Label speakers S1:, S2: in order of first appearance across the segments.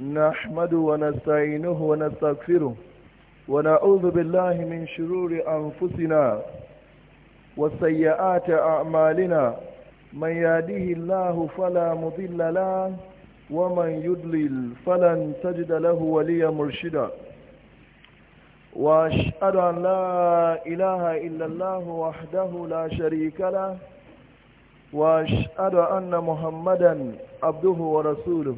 S1: نحمد ونستعينه ونستغفره ونعوذ بالله من شرور أنفسنا وسيئات أعمالنا من يهده الله فلا مضل له ومن يضلل فلن تجد له وليا مرشدا وأشهد أن لا إله إلا الله وحده لا شريك له وأشهد أن محمدا عبده ورسوله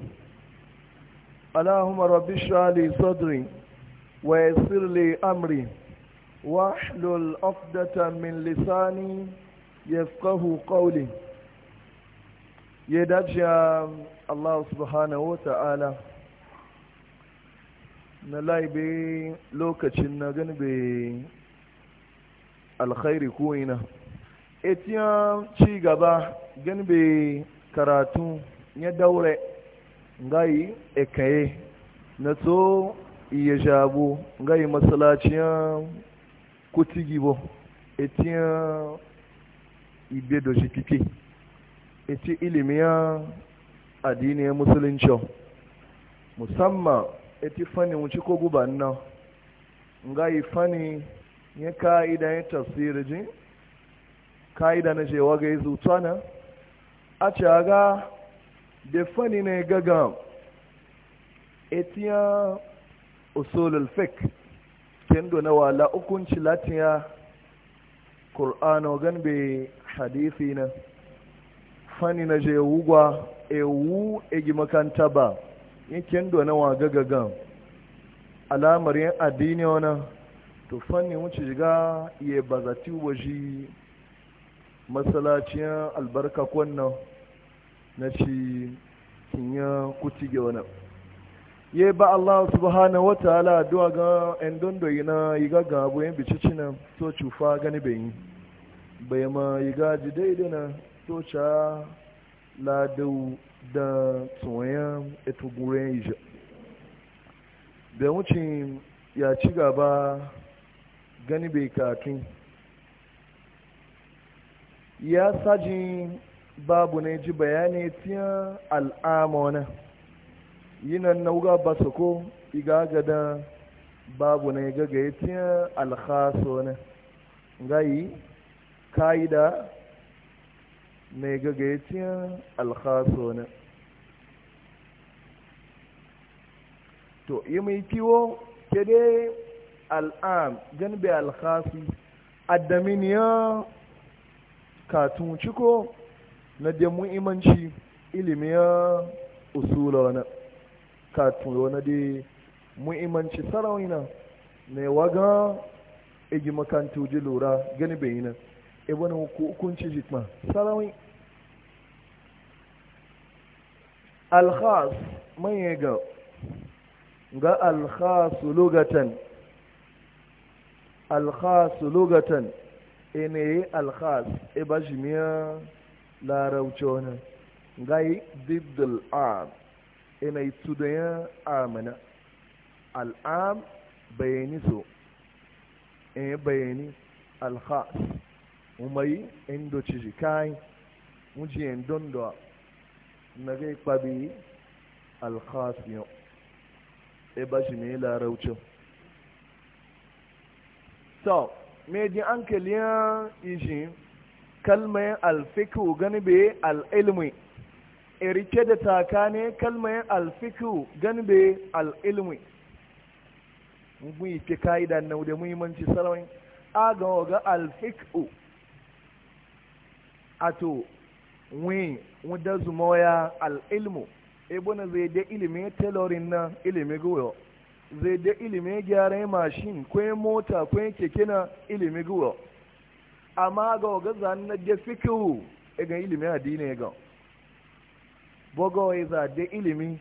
S1: اللهم رب اشرح لي صدري ويسر لي امري واحلل عقدة من لساني يفقهوا قولي يدجى الله سبحانه وتعالى نلايبي لوكاشن نغنبي alkhairi ko ina etiyan ci gaba ganbe karatu ya daure Ngayi, ekaye na so iya shabu ngai masalacin kutigibo etiyan ibe da shi kike eti ilimiya addinin musulunci musamman eti fani wuce ko guban nan fani ya ka'ida ya tafsiri jin ka'ida na cewa ga yi zutana a ga da fani ne gaga etiya usulul fiqh kendo na wala hukunci latiya qur'ano gan be hadisi na fani na je wugwa e egi makanta ba yin kendo na wa gaga alamar yin addini wana to fanni wuce shiga iya bazati waje masalaciyar albarka kwanan na ci kinya kuti ga wani ye ba Allah subhanahu wataala addu'a ga en dondo na yiga ga abu yin bicici na to cufa gani bai yi bai ma yiga ji daidai na to ca ladau da tsoyan eto guren ija da wucin ya ci gaba gani bai katun ya sajin babu ne ji bayani tiya al'amona yinan na wuga ba su ko iga gada babu ne gaga ya tiya alhasona gayi ka'ida ne gaga ya tiya alhasona to yi mai kiwo ke dai al'am ganbe alhasi Adaminiyar ya katun ciko na da muhimmanci ilimi ya usula wani katun wani da muhimmanci sarauna ne waga igi makantu ji lura gani bai nan e, ibn hukunci jikma sarauni alkhas manye ga ga alkhasu lugatan alkhasu lugatan ene alkhas ibajimiya e, larauci wani gai diddil am ina yi tudayen amina al'am bayani so in eh bayani alhas umayi indo cijikai mujiyan dondowa na gai kwabi alhas yau e ba shi ne laraucin so me ji an kaliyar ishin kalmayin alfiku gani be al'ilmi irike da taka ne kalmayin alfiku gani be al'ilmi mun yi ke ka'ida na da muhimmanci sarawai aga ga a ato wi wadda zuma ya al'ilmu ebona zai da ilimin tailoring na ilimin goyo zai da ilimin gyaran mashin kwaye mota kwaye keke na ilimin goyo amma ga waga zanen da fikihu ga ilimin addini ga ya za da ilimi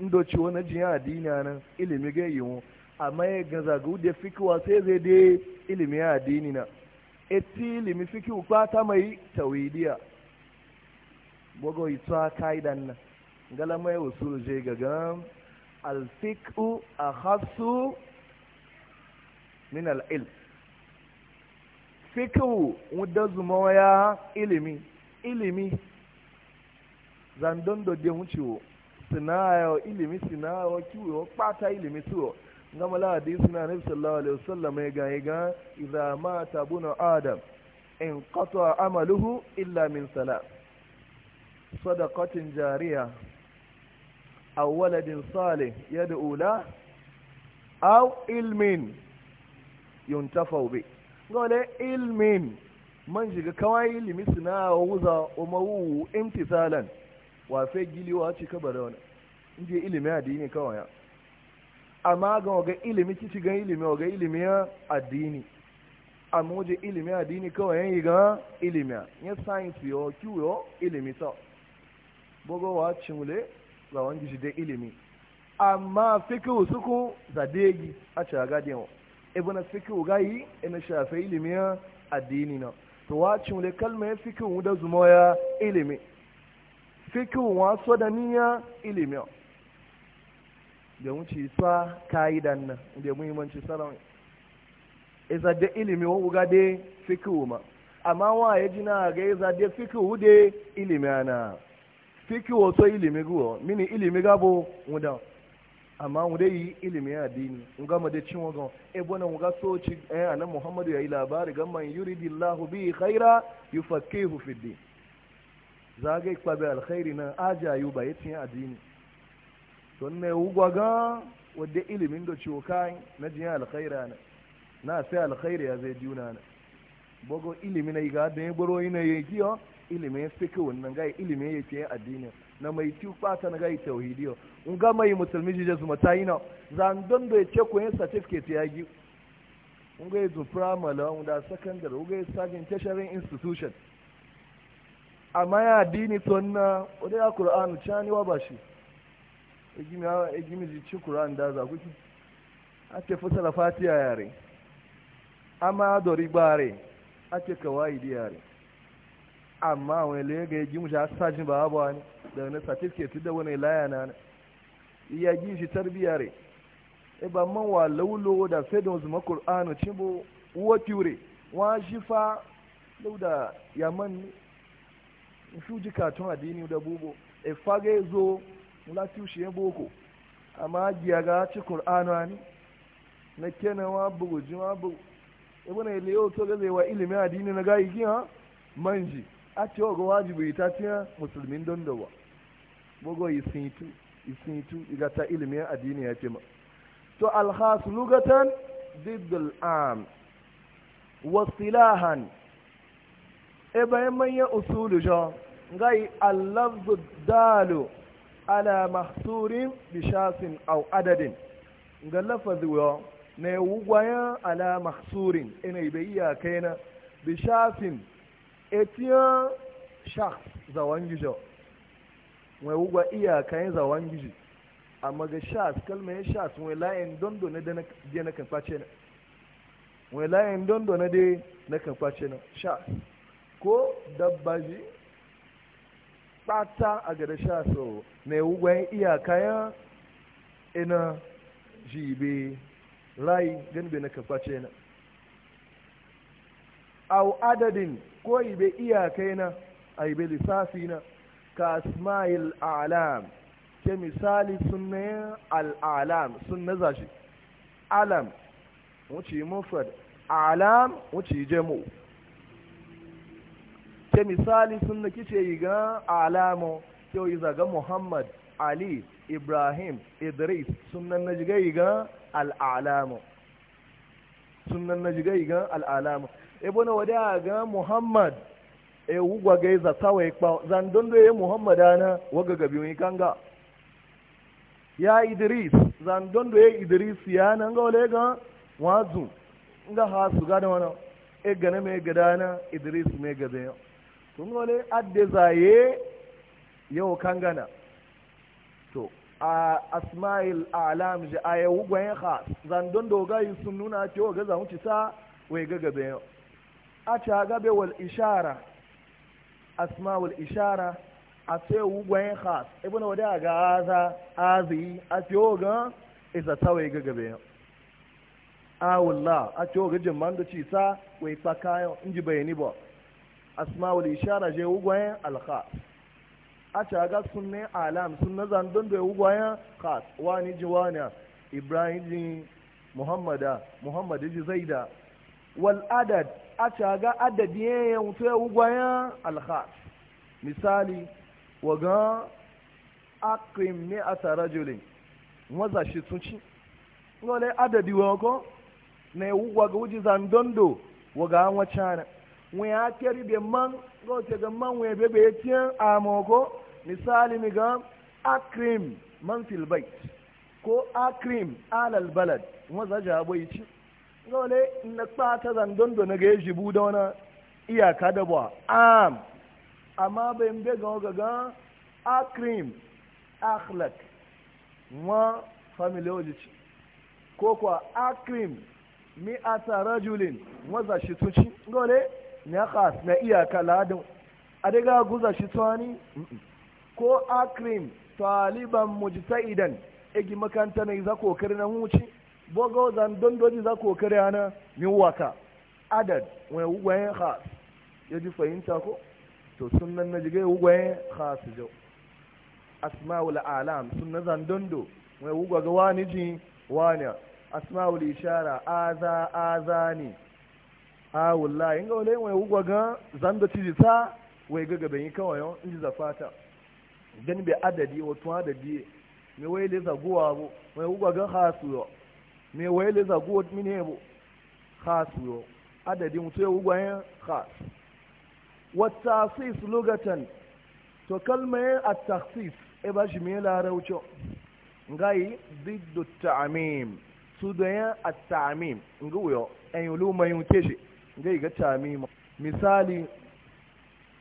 S1: ndoci wani jiya addini nan ilimi ga yiwu amma ya ga ude da fikiwa sai zai da ilimin adini na eti ilimi fikiru kwata mai tawidiya bogawai ta kaidan nan galamai usul je gaga alfiku a hasu min al'ilm fikihu wadda zuma ya ilimi ilimi zandon da de suna sinayo ilimi sinayo kiwo kpata ilimi tuwo gama lahadi suna nabi sallallahu alaihi wasallam ya ga ya ga idza mata bunu adam in qata amaluhu illa min salat sadaqatin jariya aw waladin salih yad'u la aw ilmin yuntafa bihi ngole ilmin man jiga kawai ilimi suna wuza umawu imtisalan wa fe giliwa ci ka bare wani inje ilimi addini kawai amma ga waga ilimi ci ci ga ilimi waga ilimi addini amma waje ilimi addini kawai yan yi ga ilimi ya science yo kiwo ilimi ta bogo wa cimule za wangi shi da ilimi amma fikihu suku zadegi a ci a wa ibn fikihu gayi ina shafe ilimiya addini na to wacin le kalma ya fikihu da zumoya ilimi fikihu waso da niyya ilimi da wuce sa ka'idan nan da muhimmanci sarawai iza da ilimi wa uga de fikihu ma amma wa ya jina ga iza da fikihu de ilimi ana fikihu so ilimi guwa mini ilimi gabo mudan amma mu dai ilimi ya dini mu ga da cin wagon e bona mu ga so ci eh muhammadu yayi labari ga man yuridillahu bi khaira yufaqihu fi din zage kwa bi alkhairi na aja yu ba yatin addini to ne ugwa ga wadda ilimin da ciwo kai na jiya alkhaira na na sai alkhairi ya zai juna na bogo ilimin na ga da ya baro ina yi kiyo ilimin fiqh wannan ga ilimin yake addini na mai ci fata na gai tauhidiyo in ga mai musulmi jije su matayi na zandon da ya ce ko yin certificate ya gi in ga yi zufra malawan da secondary in ga yi sajin tasharin institution amma ya dini ton na wadda ya kur'anu cani wa ba shi egimi e ji ci kur'an da za kuki a ce da fatiya yare amma dori bare a ce kawai yare amma wani lega ya e gimu shi a sajin ba abuwa ne da na certificate da wani laya na iya ji shi tarbiya re e ba man wa laulo da sai da zuma qur'anu cimbo uwa ture wa shifa lauda yaman su ji katon adini da bubo e fage zo lati shi ya boko amma giya ga ci qur'anu ne na kenawa bugu jima bugu e bana ile yau to gaze wa ilimi adini na ga yi ha manji a ce wa wajibi ta tiya musulmin don da wa bogo sintu isintu ta ilimin addini ya ce to alhas lugatan diddul am wasilahan e bayan manyan usulu jo ngai allafzu dalu ala mahsurin bishasin au adadin ga lafazi wa na yi ala mahsurin ina ibe iyakaina bishasin etiyan shaks zawon jo. wai wuga iya yin zawon gizi amma ga shas kalma ya shas wai layin dondo na dai na kan na wai layin dondo na dai na kan na shas ko dabbaji tsata a gada shaso mai wuga iya kayan ina jibe rai ganibe na kan na au adadin ko ibe kai na a ibe lissafi na ka asma'il alam ke misali sunayen al'alam sun na zashi alam wuce mufad alam wuce jemu ke misali sun na kice yi ga Alamu ke yi zaga muhammad ali ibrahim idris sunan na jiga yi ga al'alamu sunan na jiga yi ga al'alamo ebe na wadda ga muhammad e wugwa ga e za sawa ya zan dondo ya e muhammada na waga gabi wani kanga ya idris zan dondo ya e idris ya nan nga wale ga wazu nga ha su ga da e gane mai gada na idris mai gada ya tun wale adde zaye yau kangana to a asma'il alam ji a yau gwayen ha zan dondo ga yi sun nuna cewa ga zamuci sa wai ga gaba yau a ta gabe wal ishara asma'ul ishara a sai wugwayen khas ibn wada ga aza azi a ciwo ga isa tawai ga gabe awulla a ciwo ga jimman da ci sa wai tsakayon in ji bayani ba asma'ul ishara je wugwayen alkhas a caga sun ne alam sun na zandon da wugwayen khas wani ji wani ibrahim ji muhammada muhammad ji zaida wal adad a caga adadiye ya mutu ya ugwayen alkhas misali waga akrim ne a tara jule waza shi sun ci lole adadi wa ko na ya ugwa ga wuji zandondo waga an wacha na wani ya keri man gote ga man wani bebe ya tiyan a mako misali mi ga akrim man filbait ko akrim alal balad waza jabo yi ci lole na ta zandon da na ga yaji buda wani iyaka da ba am amma bai mbe ga gaga akrim akhlak ma familiology ko kwa akrim mi ata rajulin waza shi tuci gole na khas na iyaka ladin a daga guza shi tuwani ko akrim taliban mujtahidan igi makanta ne za kokari na huci bogo zan don doji za ku kare hana min waka adad wani gwayen khas ya ji fahimta ko to sunan na jigai gwayen khas jau asma'ul alam sunan zan dondo wani gwa ga wani ji wani asma'ul ishara aza aza ne a wallahi inga wale wani gwa ga zan da ci ta wai ga gaban yi kawai in ji zafata dan bi adadi wato adadi me wai da zaguwa bo wani gwa ga khasu yau me wayle za go mine bo khas yo adadin mutu ya ugwayen khas Wa sis lugatan to kalmaye a taksis e ba shi me larauco ngai biddu tamim su da ya a ta'amim nga wuyo en yi luma yin ngai ga tamim misali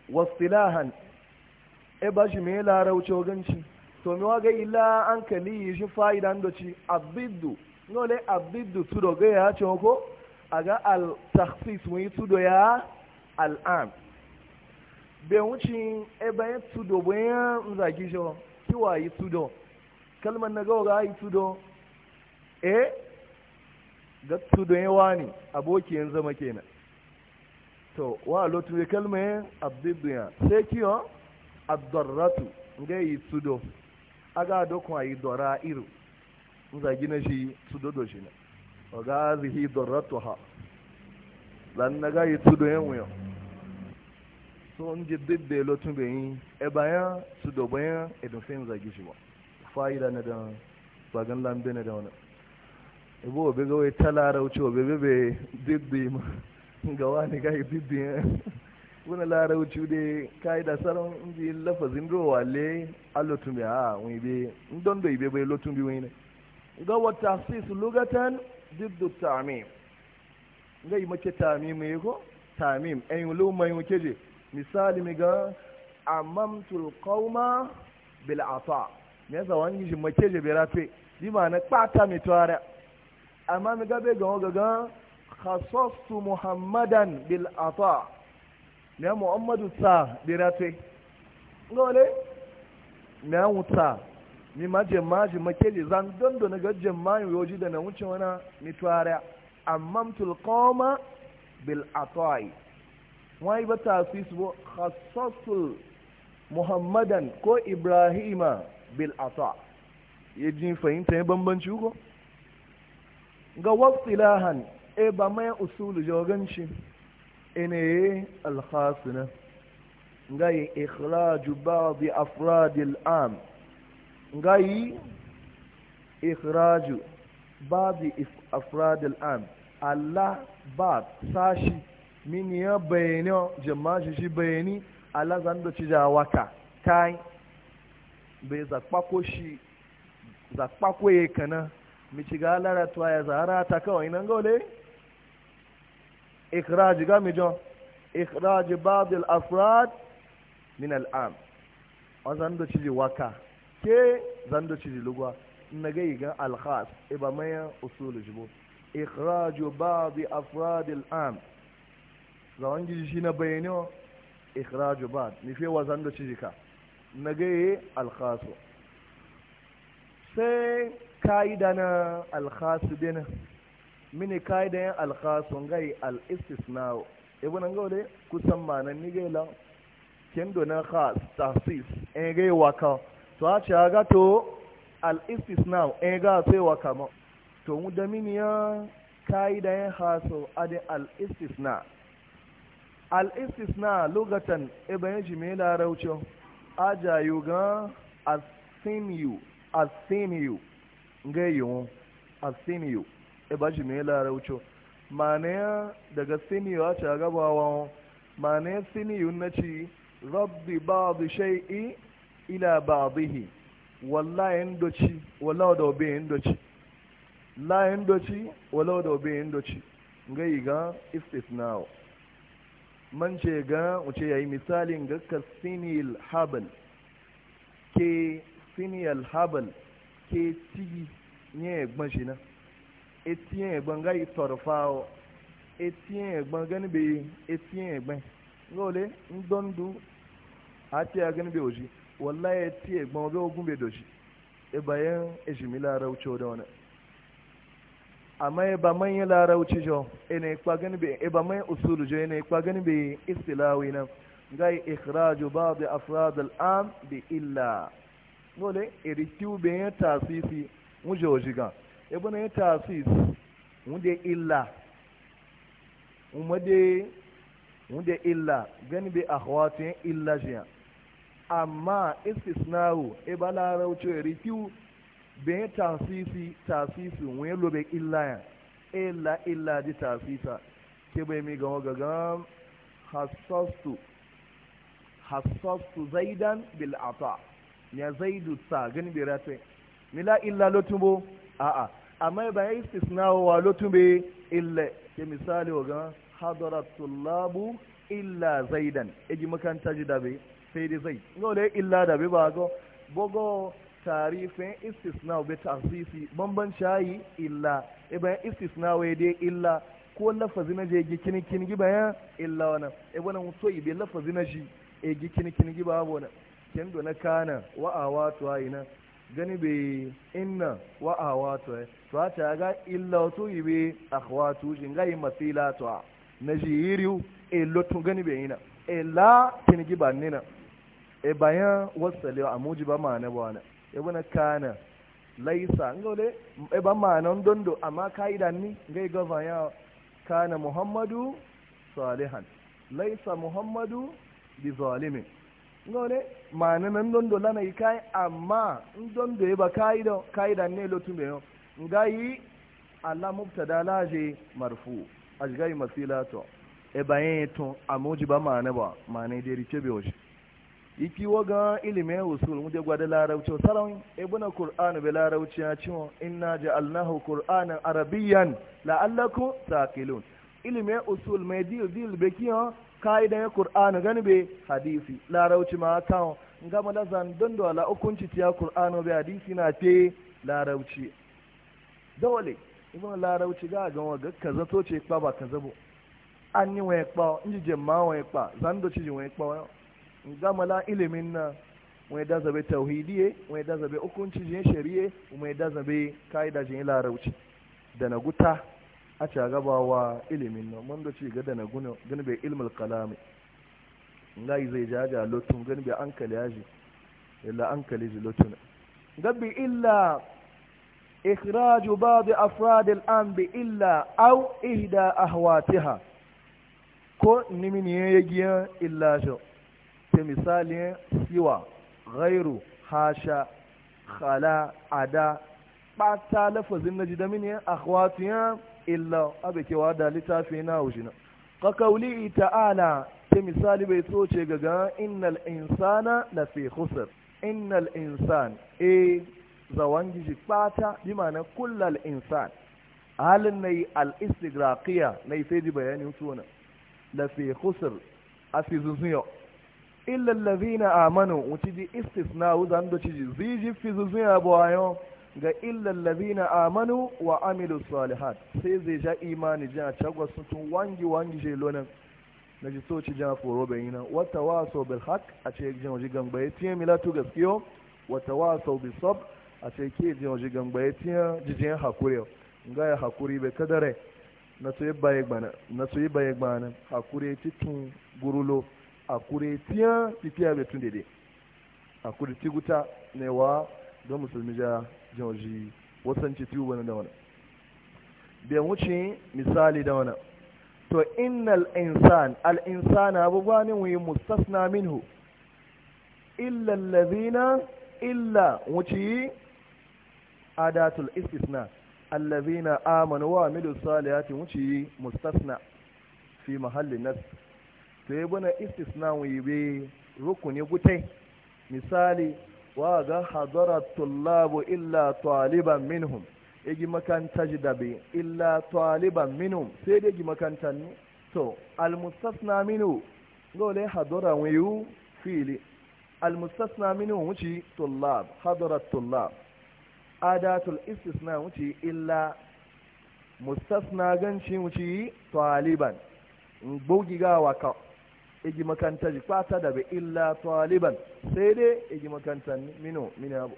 S1: wasilahan e ba shi me larauco ganci to mi waga ila an kali shi fa'idan doci a ziddu nole abdiddu tudo ga ya ce ko aga al takhsis mu yi tudo ya al am be wuci e bayan tudo bayan zagi jo kiwa yi tudo Kalman na ga yi tudo e ga tudo ya wani abokin zama kenan to wa lotu ya abdiddu ya sai kiyo abdarratu ga yi tudo aga dokwa yi dora iru zagi na shi su dodo shi ne wa ga zihi doratu ha lan na ga yi tudo yan wuyan so n ji dibbe lotun bai yi e bayan su do bayan idan e sai zagi shi ba fa'ida na da bagan lambe na da wani ibo e obi ga wai talara wuce obe bebe dibbe ma ga wani ga yi dibbe ya wani lara wuce da kayi da tsaron inji lafazin rowa le a lotun bai a wani bai don da ibe bai lotun bai wani ne ga wata sis lugatan diddu tamim ga yi make tamim ya ko tamim ɗan yi lumman yi misali mi ga amamtul qauma bil ata me yasa wani shi make je berafe bi ma na kpata mi tuwara amma mi ga be ga ga ga muhammadan me muhammadu sa me Ni ma jemma makeli zan dondo na ga jemma yoji da na wuce wani na tuara amamtul qawma bil atai Wani ba tafis bo khassasul muhammadan ko ibrahima bil ata ya ji fahimta ya bambanci ko ga wasilahan e ba mai usulu jawaganci e yi alkhasina ga ikhraju ba'd afrad al'am ngayi ikhraju babu afrad am Allah ba sashi min ya bayani jama'a shi bayani Allah zan da ci da waka kai bai zakpako shi zakpako ya kana mi ci ga laratuwa ya zara ta kawai nan gole ikhraj ga mi jo ikhraj ba'd afrad min al am azan da ci waka ke zando ciji lugwa na ga gan alkhas iba e mayan usulu jibo ikhraju ba'd afrad al'am zawan gidi shi na bayani ikhraju ba'd ni fi wa zando ciji ka na yi alkhas sai kaida na alkhas bina mini kaida yan alkhas ngai al istisna e na. ngole kusan manan ni gai la kendo na khas tahsis en yi waka to a ce to al na eh ga sai wa kama to mu da miniya kai da yin haso adin al-istisna al-istisna lugatan eh, ibn jimila a ajayu ga asimiyu asimiyu ngayu asimiyu ibn eh, jimila raucho mane daga simiyu a ce gabawa ne simiyu na ci rabbi babu shay'i ila ba'dihi wallahi ndochi wallahi da obe ndochi la ndochi wallahi da obe ndochi ngai ga istithna'u man ce ga wuce yayi misalin ga kasinil habal ke sinil habal ke tigi nye egbon shi na eti egbon ga itorfa eti egbon gani be eti egbon ngole ndondu ati agani be oji wallahi ya ce gbọ́n bí ogun bai doshi e bayan ejimi larauci da wani amma e ba manyan larauci jo e na ikpa gani bai e ba manyan usulu jo e na gani bai istilawi nan gai ikhraju ba afrad al'am bi illa nole erikiu bai tasisi wuje ojiga e bana yan tasisi wunde illa umade wunde illa gani bai ahwatin illa amma istisnawo e bala rauce rikiu be tasisi tasisi we lobe illaya illa illa di tasisa ke bai mi ga gaga hasastu hasastu zaidan bil ata ya zaidu ta gani bi rate mila illa lotumbo a a amma e ba istisnawo wa lotumbe illa ke misali wa ga hadaratul labu illa zaidan eji makanta ji dabe sai dai zai ngole illa da bi ba go bogo tarifin istisna bi tarsisi bamban shayi illa e bayan istisna wai dai illa ko lafazi na je gikini gi bayan illa wannan e wannan so ibe lafazi na shi e gikini gi ba wannan ken do na kana wa yi na gani be inna wa awatu to ta ga illa to ibe akhwatu jin ga masila to na jiriu e lotu gani be ina e la kinigi ba nina e bayan wasale a ba ma'ana ba wani e wani kana laisa ngole e ba ma'ana dondo amma kaida ni ngai gaba ya kana muhammadu salihan laisa muhammadu bi zalimin ngole ma'ana nan dondo lana yi kai amma dondo e ba kaida kaida ne lotume yo ngai ala mubtada laje marfu ashgai masilato e bayan to a ba ma'ana ba ma'ana dai rice be washi iki waga ilimin usul muje gwada larauci sarawin ibn qur'an bi larauci ya ci inna ja'alnahu qur'anan arabiyyan la'allakum taqilun ilimin usul mai dil dil be kiyo kaidan qur'an gani be hadisi larauci ma kan ngama mala zan don do ala hukunci tiya qur'an be hadisi na te larauci dole ibn larauci ga ga waga kaza to ce kpa ba kaza bo an yi wa kpa inji jemma wa kpa zan do ci wa kpa gama la ilimin na mai da zabe tauhidiye mai da zabe hukuncin jin shari'e mai da zabe kaida jin larauci da na guta a ci gabawa ilimin na mun da ci ga da na guna bai ilmul kalami ngai zai jaja lotun gani bai ankali yaji illa ankali ji lotun gabi illa إخراج بعض أفراد الآن بإلا أو ihda أهواتها ko nimin ya yi giya illa ta misalin siwa ghairu hasha khala ada ɓata lafazin na jidamin ya akwatiyan illa abekewa da littafi na wujina ka kauli ta'ala ta misali bai soce gaga innal insana na fi husar innal insan e eh, zawan giji ɓata bi ma'ana kullal insan halin na yi al na yi sai ji bayani suna wani na fi a fi zuzuyo illa allazina amanu utiji istisna uzan do ciji ziji fizuzu ya bawayo ga illa allazina amanu wa amilu salihat sai zai ja imani ja chagwa sun wangi wangi je lonan na ji soci ja foro nan wata waso bil haq a ce jin waje gangba ya tiye milatu gaskiyo wata waso bil sab a ce ke jin waje gangba ya tiye jijin hakuri ga ya hakuri bai kadare na su yi bayan gbanin na so yi baye gbana hakuri titun gurulo a kuretiya pipiya da tun a kuretiya guta ne wa don musulmi ja jawaji wasan ce tiyu wani da wani bai wuce misali da wani to innal insan al insana abubuwa ne wuyi mustasna minhu illa allazina illa wuce adatul istisna allazina amanu wa amilu salihati wuce mustasna fi mahallin nas to yi bana istisna wibe rukuni gutai misali wa ga hadara tullabu illa taliban minhum yagi makanta ji dabe illa taliban minhum sai dai gi makanta ne to almustasna minu dole hadara wiyu fili almustasna minu wuci tullab hadara tullab adatul istisna wuci illa mustasna ganci wuci taliban gbogigawa ka igi makanta ji fata da bi illa taliban sai dai igi makanta mino mini abu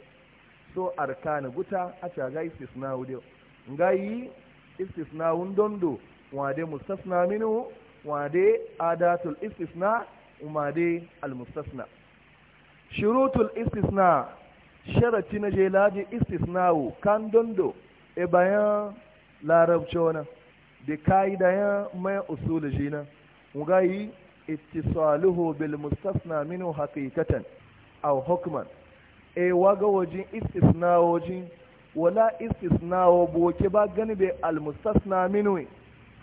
S1: so arkana guta a ta ga istisna wude ngai istisna wun wade mustasna minu wade adatul istisna umade al mustasna shurutul istisna sharati na istisna istisnawu kan dondo e bayan larabci de da ya mai jina ngai ittisaluhu bil mustasna minhu haqiqatan aw hukman e waga wajin istisna wajin wala istisna wa boke ba gani be al mustasna minhu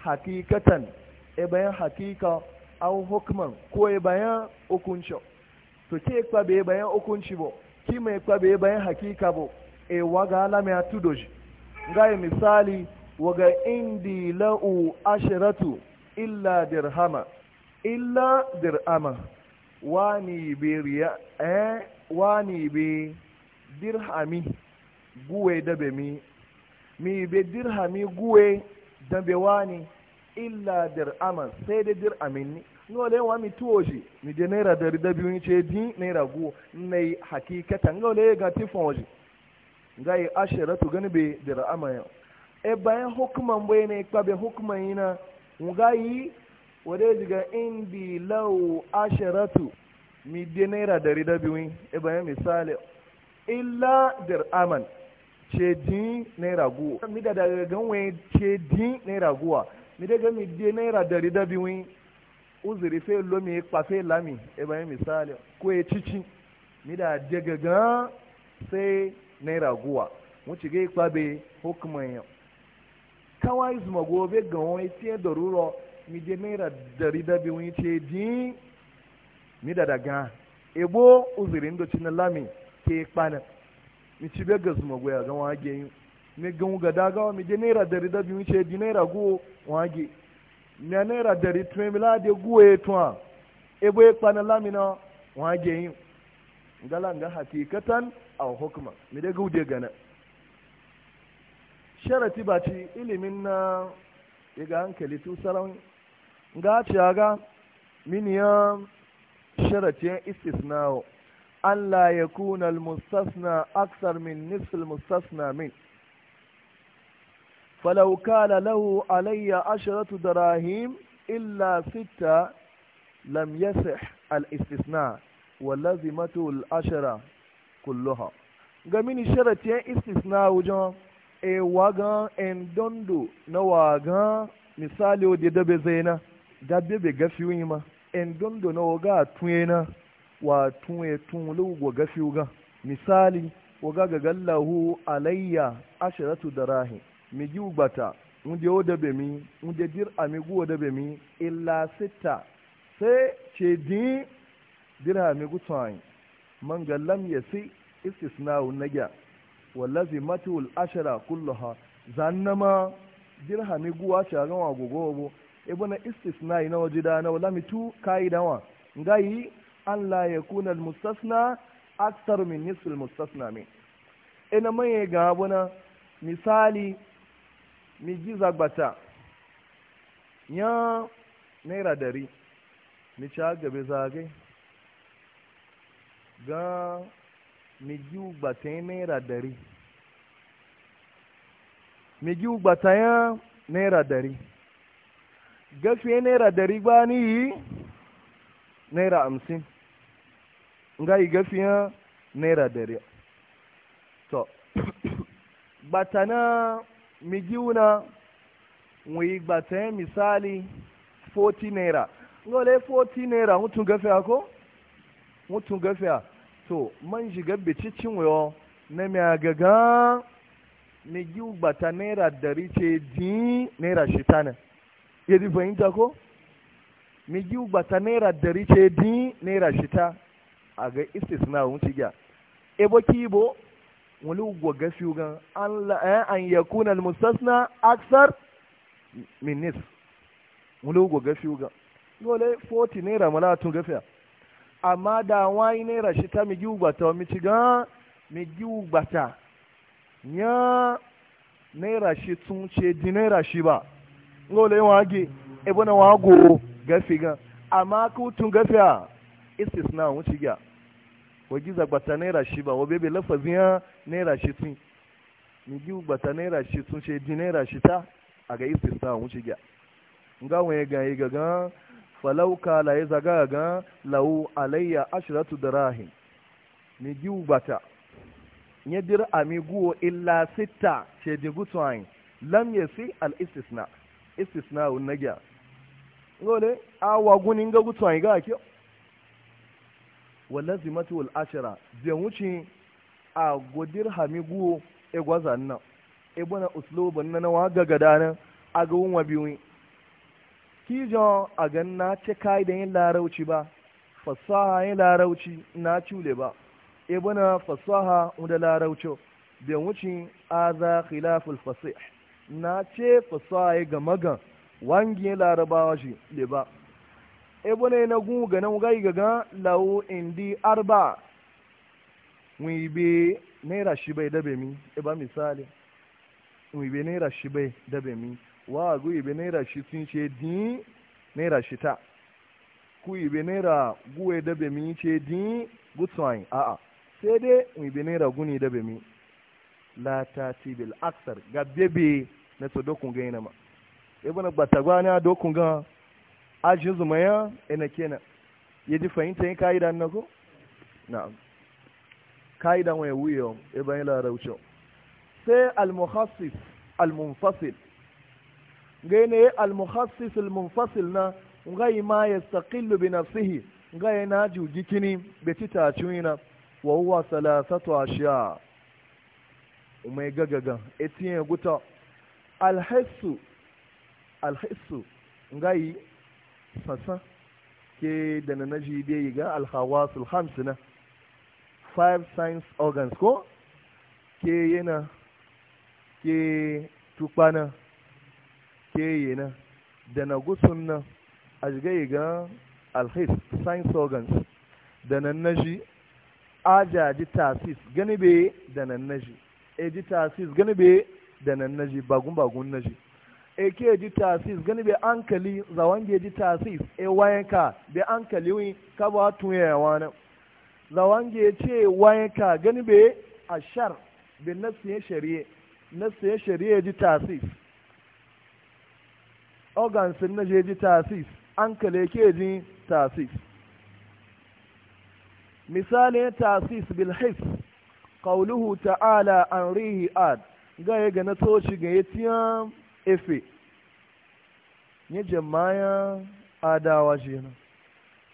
S1: haqiqatan e bayan haqiqa aw hukman ko e bayan hukunci to ke kwa be bayan hukunci bo ki mai kwa be bayan haqiqa bo e waga alama ya tudoji ngai e misali waga indi la'u ashiratu illa dirhama illa dir'ama wani be riya eh wani be dirhami guwe be mi mi be dirhami guwe be wani illa dir'ama sai da dir'amin ni le wa mi tuoji mi de naira dari da biyu ce di naira gu nai hakikata le ga tifoji ngai ashiratu gani be dir'ama yau e bayan hukuman boye ne kwabe hukuman yana ngai wadai diga indi lau asharatu mi de naira dari da biyu e bayan misali illa dir'aman ce din naira guwa mida daga ganwe ce din naira guwa mida daga mi de naira dari da biyu uzuri fe lomi kpafe lami e bayan misali ko e cici mi daga gan sai naira guwa wuce ga ikpabe hukuman yau kawai zuma gobe ga fiye da ruro mi je naira dari da bi wani ce din, mi da daga ebo uzirin da cin lami ke kpana mi ci be zuma goya ga wage yi mi gan ga daga mi je naira dari da bi wani ce din, naira go wage na naira dari tuwe mi lade go e tuwa ebo e kpana lami na wage yi ngala nga hakikatan aw hukuma mi de gude gana sharati ba ci ilimin na iga hankali tu sarawin ga ga miniyan sharatiyan istisna Allah ya kuna mustasna aksar min nisfil mustasna min falau kala lahu alayya asharatu darahim illa sita lam yasih al-istisna wallazi matul ashara kulluha ga mini sharatiyan istisna wajen a e wagan and dondo na wagan misali wadda dabe da be gafiyu yi ma en dondo na waga tuye na wa tunye tun go gafiyu ga misali waga ga gallahu alayya asharatu darahi mi ji gbata je o dabe mi nde dir ami da dabe mi illa sita sai ce din dirhami gutsuwan man ga lam ya si istisnawu nagya wallazi matul ashara kulluha zannama dirhami guwa shagan wa gogo ibuna istisna na waje da na wala mitu kai dawa ngai an la yakuna al mustasna aktar min nisf al mustasna min ina mai ga buna misali mi giza gbata ya naira dari mi cha gabe zage ga mi giu gbata naira dari mi giu gbata ya naira dari gafe naira dari ba ni yi naira hamsin nga yi gafiya naira dari to gbata na migiuna wi gbata ya misali 40 naira nga ole 40 naira mutum gafiya ko mutum gafiya to man shiga cikin wuyo na mai gaga giwu gbata naira dari ce din naira shitana ya ji fahimta ko mi ji bata naira dari ce di naira shita a ga istisna wuce gya ebo kibo wani ugwa gafi ugan an eh, an yakuna musasna aksar minis nis wani ugwa gafi ugan dole 40 naira mala tun gafiya amma da wani naira shita mi ji bata mi ci gan mi ji bata ya naira shi tun ce di naira shi ba ngole wage ebona wago gafi ga amma ku tun gafi a istisna wuci ga wajiza gbata naira shi ba wa be lafazin ya naira shi tun ni gi gbata naira shi tun she di naira shi ta a ga istisna wuci ga nga wani ga yi ga falau ka la ya zaga ga lau alayya ashratu darahim ni gi gbata nye dir ami guwo illa sita she di gutwain lam yasi al istisna istisna wun nagya ngole awa gunin ga gutu an ga ke walazimatu al ashara zai wuce a godir hamigu e gwaza nan e bona uslubun nan wa ga gada a ga wun ki jo a gan na ce kai da yin larauci ba fasaha yin larauci na cule ba e bona fasaha da larauci bai wuce a za khilaful fasih na ce fasaye ga magan wangi larabawa shi le ba ebo ne na gun ga nan gai ga lawo indi arba wi naira shi bai dabe mi e ba misali wi naira shi bai dabe mi wa gu ibe naira shi sun ce din naira shi ta ku ibe naira guwe dabe mi ce din gutsuwan a sai dai wi naira guni dabe mi la ta ti bil aksar ga bebe na to dokun ga yana ma ibn e batagwa na dokun ga ajin zumaya ina kenan ya ji e fahimta yin kaida na ko na'am kaida wa wuyo e ibn la raucho sai al muhassis al munfasil ga ne al muhassis al munfasil na ngai ma yastaqillu bi nafsihi ngai na juji kini be ci ta wa huwa salasatu ashiya mai gagagan etiyan guta alhassu alhassu ngayi sasa ke da na naji dai ga alhawasul hamsina five science organs ko ke yana ke tukpana ke yana da na gusun nan a shiga ga alhis science organs da na naji ajaji tasis gani be da na naji e ji tasis gani be da nan naji bagun bagun naji e ke ji tasis gani be ankali za wange ji tasis e wayanka ka be ankali wi ka ba tun ya wani za wange ce wayan ka gani be ashar be nasiyan shari'a ya shari'a ji tasis organ sun naji ji tasis ankali ke ji tasis misali tasis bil hifz qawluhu ta'ala an rihi ad ga ya ga na toci ga yatiya efe ne jama'a adawa shi na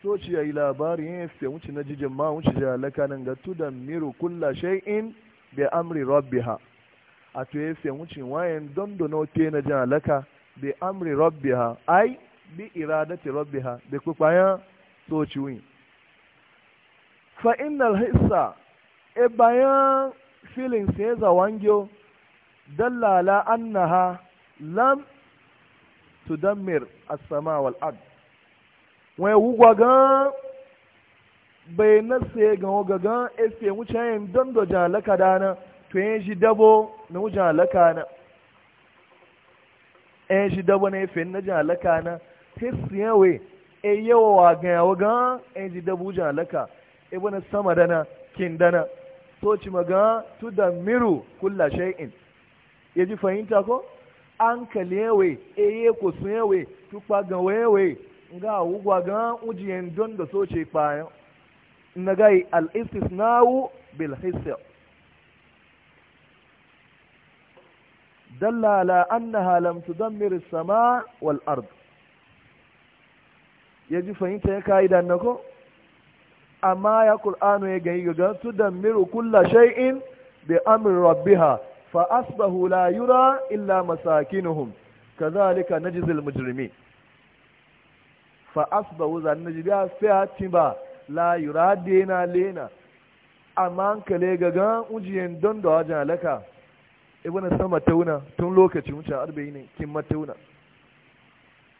S1: toci ya yi labari ya efe wuce na ji jama'a wuce ji alaka nan ga da miru kulla shay'in bi amri rabbi ha. a to efe wuce wayan dondono te na ji alaka bi amri ha. ai bi iradati rabbiha da kupayan toci wuyin fa innal hissa e bayan filin sai zawangiyo dallala annaha lam tudammir as-sama wal ard wani wugwa ga bai nase ga wagaga efe wucayen don da jalaka dana to yin shi dabo na alaka na yin shi dabo na efe na alaka na sai su yawe e yawa ga yawa gan yin shi dabo alaka e wani sama dana kin dana so ci maga tu da miru kulla shay'in ya ji fahimta ko an kalewe eye ko sunyewe tu kwagan wewe ga wugwa ga ujiyen don da so ce na gai al-istisnawu bil hissa dalla an annaha don miru sama wal ard ji fahimta ya yi na ko. amma ya qur'anu ya gani ga gansu da miru kulla shay'in bi rabbi rabbiha fa asbahu la yura illa masakinuhum na najzil mujrimin fa asbahu zan najida sai ba la yura dena lena amma an kale gan ujiyen don da wajen alaka ibn sama matauna tun lokaci mutum arba'i ne kin matauna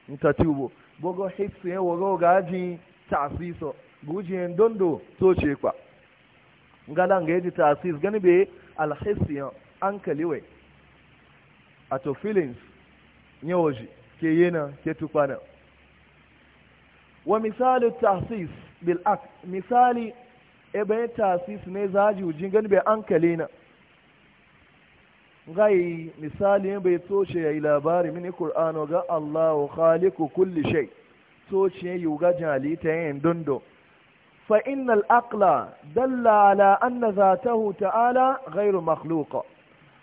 S1: in ta tubo gogo hifsu ya wago gaji asiso gujiyen dondo to ce kwa galan ga yaji tasis gani be alhassiyan an kaliwai a to feelings yawaji ke yana ke tukwana wa misali tasis bil ak misali ebe tasis ne zaji ujin gani be an kalina gai misali bai toce ya yi labari mini kur'anu ga allahu khaliku kulli shai toce yi ga jali ta yin dondo فإن الأقل دل على أن ذاته تعالى غير مخلوقة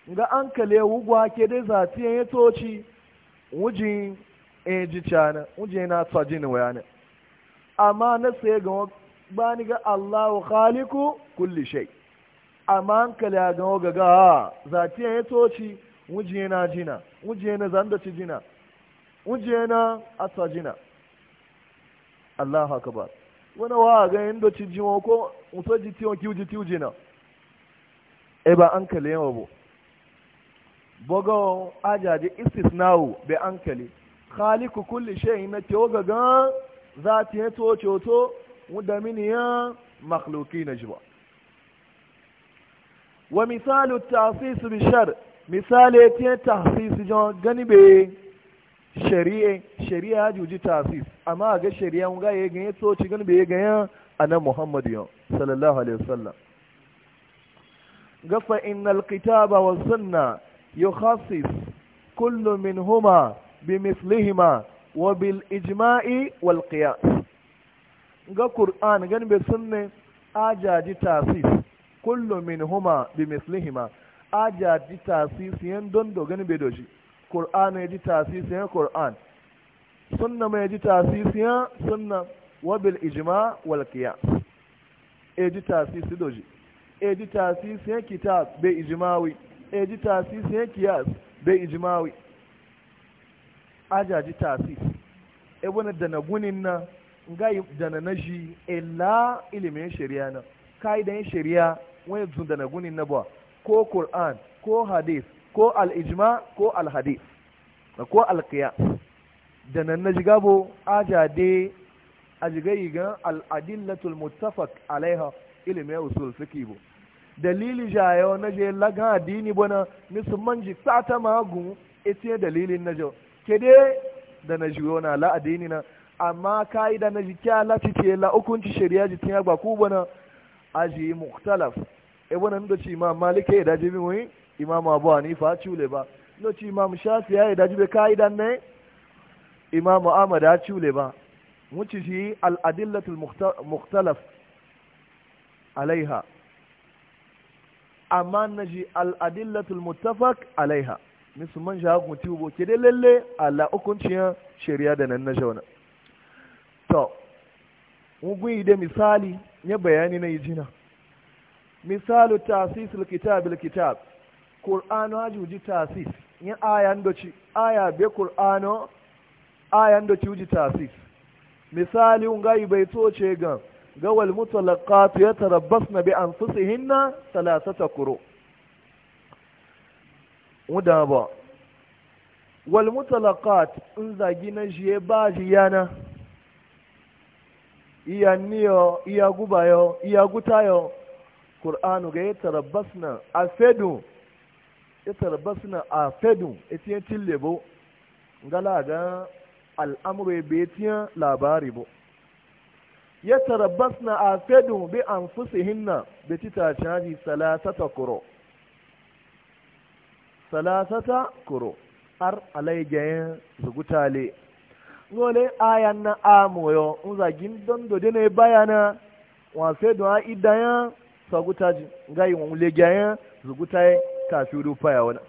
S1: ga an kale wugwa ke dai zati ya toci wuji e ji cana wuji na tsaji ne wayana amma na sai ga bani ga Allahu khaliqu kulli shay amma an kale ga ga ga zati ya toci wuji na jina wuji na zanda ci jina wuji na atsajina Allahu akbar wani wa ga yin doci jiwon ko mutu ji tiwon kiwji tiwji na e ba an kale yawa bu bogo ajaji nawu be an kale khaliku kulli shayin na tiwo ga za ta yi to coto da miniyan makhluki na jiwa wa misalu tasis bishar misali ta tasis jiwon gani be shari'a shari'a ya juji tasis amma ga shari'a mun ga ya ganye ci gan bai ganye anan Muhammad yau sallallahu alaihi wasallam gafa innal kitaba was sunna yukhassis kullu minhuma bimithlihima wa bil ijma'i wal qiyas ga qur'an gan bai sunne ajaji tasis kullu minhuma bimithlihima ajaji tasis yan don do dogan bai doji qur'an ya ji tasis yan qur'an sunna mai ji tasisiya sunna wabil ijima wal qiyas e ji tasisi doji e ji tasisiya kitab be ijimawi e ji tasisiya kiyas be ijimawi aja ji tasis e wani da na gunin na ngai da na naji illa e ilimin shari'a na kaidan shari'a wani zun dana gunin na ba ko qur'an ko hadith ko al-ijma ko al-hadith ko al-qiyas da nan na jigabo ajade a jigayi gan al'adillatul muttafaq alaiha ilimin usul fiqi bo dalili jayo na je laga addini bona musulman ji sata magu ita dalilin na jo kede da na jiyo na la addini na amma kaida na ji kya la tice la hukunci shari'a ji tin ba ku bona aji mukhtalaf e bona ndo ci ma malike da jibi mu imam abu hanifa chule ba ndo ci imam shafi ya da jibe kaida ne imamu ahmad ya cule ba wuce shi al'adillatul muktalaf alaiha amma na shi al'adillatul muttafaq alaiha musulman shi haka mutu bo ke da lalle ala hukunciyar shari'a da nan na shauna to mugun yi da misali ya bayani na yi jina misalu tasisul kitab bil kitab qur'anu hajuji tasis ya ayan doci aya be qur'anu ayan da ciwuji tasif misali ngai bai ce ga gawal mutalaqat yatarabbasna bi anfusihinna thalathata quru muda ba wal mutalaqat in zagi na jiye ba jiyana iya niyo iya gubayo iya gutayo qur'anu ga yatarabbasna afedu yatarabbasna afedu etiyen tillebo ngala ga al'amuru bai tiyan labari ba ya tarabbas na a fedun bi an fusi hinna da tita caji salasata kuro salasata kuro har alaigayen zugutale nole ayan na amoyo in zagin don dode ne bayana wa don a idayen saguta gai wule gayen zuguta kafin rufaya wani.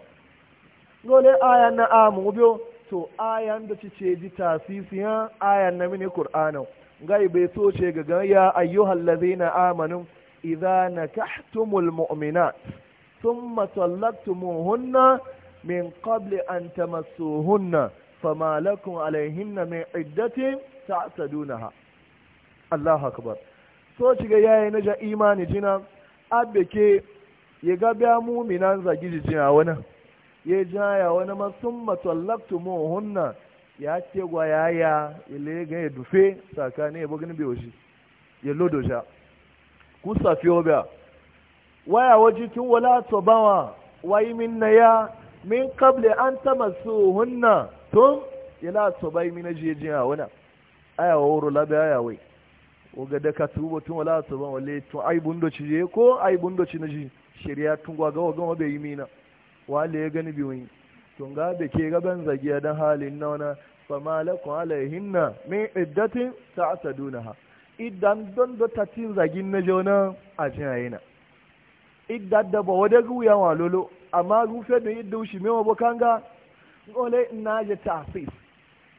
S1: nole ayan na amoyo to ayan da cice ji tasisiyan ayan na mini qur'anin gai bai so ce ga ya ayyuhal ladzina amanu idza nakahtumul mu'minat thumma sallaqtumuhunna min qabli an tamassuhunna fama lakum alayhinna min iddatin ta'tadunaha Allahu akbar so ci ga yayi na ja imani jina abbe ke ya ga biya mu'minan zagi jina wannan ya jaya wani masun matallaktu mu hunna ya ce gwa yaya ile ga ya dufe tsakani ya bugin biyo shi ya lodo sha ku safi obiya waya waje tun wala tabawa wayi min na ya min kable an su hunna tun ila tabai min na a wana aya woro labe aya wai oga da ka tubo tun wala tabawa le to ai bundo ci je ko ai bundo ci na ji shari'a tun gwagawa gama bai yi mina wale ya gani biyu tun ga da ke gaban zagiya dan halin nauna fama lakon alaihin na min iddatin ta asa ha idan don da ta cin zagin na jona a cin hayina idan da ba wadda guya lolo amma rufe da yadda wushi mewa bukan ga ole na je tafis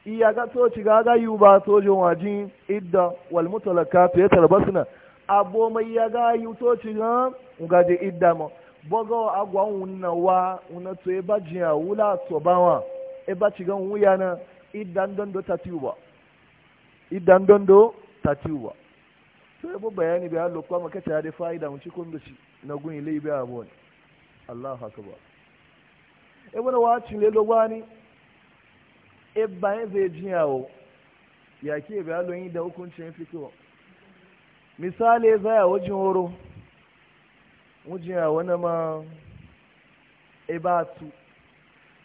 S1: iya ga so ci ga ga yuba sojin wajin idda wal mutalaka fiye tarbasna abo mai ya ga yu so ci ga ga idda ma bogo agwa wunna wa wunna to eba jiya wula to bawa eba cigan wuya na idan dondo tatiwa idan dondo tatiwa to ebo bayani bi allo kwa maka ta da fa'ida mun ci na gun ile bi abon Allahu akbar ebo na wa cin le lo wani e bayan zai e jiya wo ya ke bi allo yin da hukuncin fitowa misali e zai a horo wujiya wani ma ibatu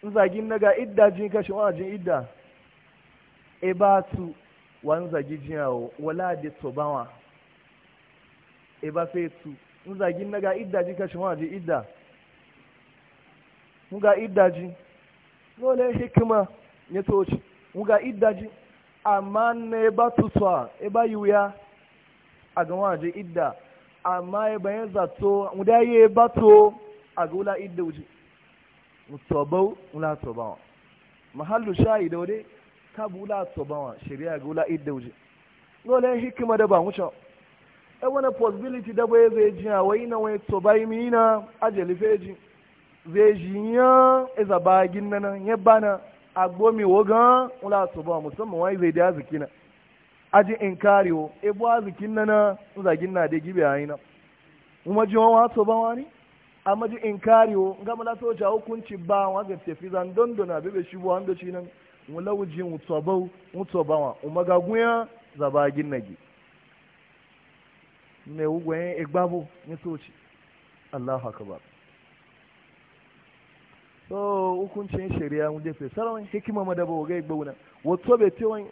S1: in zagin na ga idda jin kashe wani jin idda ibatu wani zagi jiyawo wala da tobawa iba fetu in zagin na ga idda jin kashe wani jin idda nga idda jin dole hikima ya toci nga idda amma na ba tutwa iba yuya a ga wani jin idda amma ya bayan zato muda ya bato a gula idda wuce mutabau ula tabawa mahallu shayi da wade ka bula tabawa shari'a gula idda wuce dole hikima da ba wuce e wani possibility da bai zai ji a wai na wai tabai mina ajali feji zai ji ya iza bagin ya bana agbomi wogan ula tabawa musamman wai zai da zikina aji in kariwo e bo azikin nana zagin na de gibe ayina kuma ji wa to ba wani amma ji in kariwo ga mala to ja hukunci ba wa ga tafi zan dondona be bebe shi bo ando shi nan mu lawji mu tsobau mu umma ga guya zabagin nagi me e egbabo ni ci Allahu akbar so hukuncin shari'a mun dafe sarawin hikima madabo ga egbauna wato be tiwon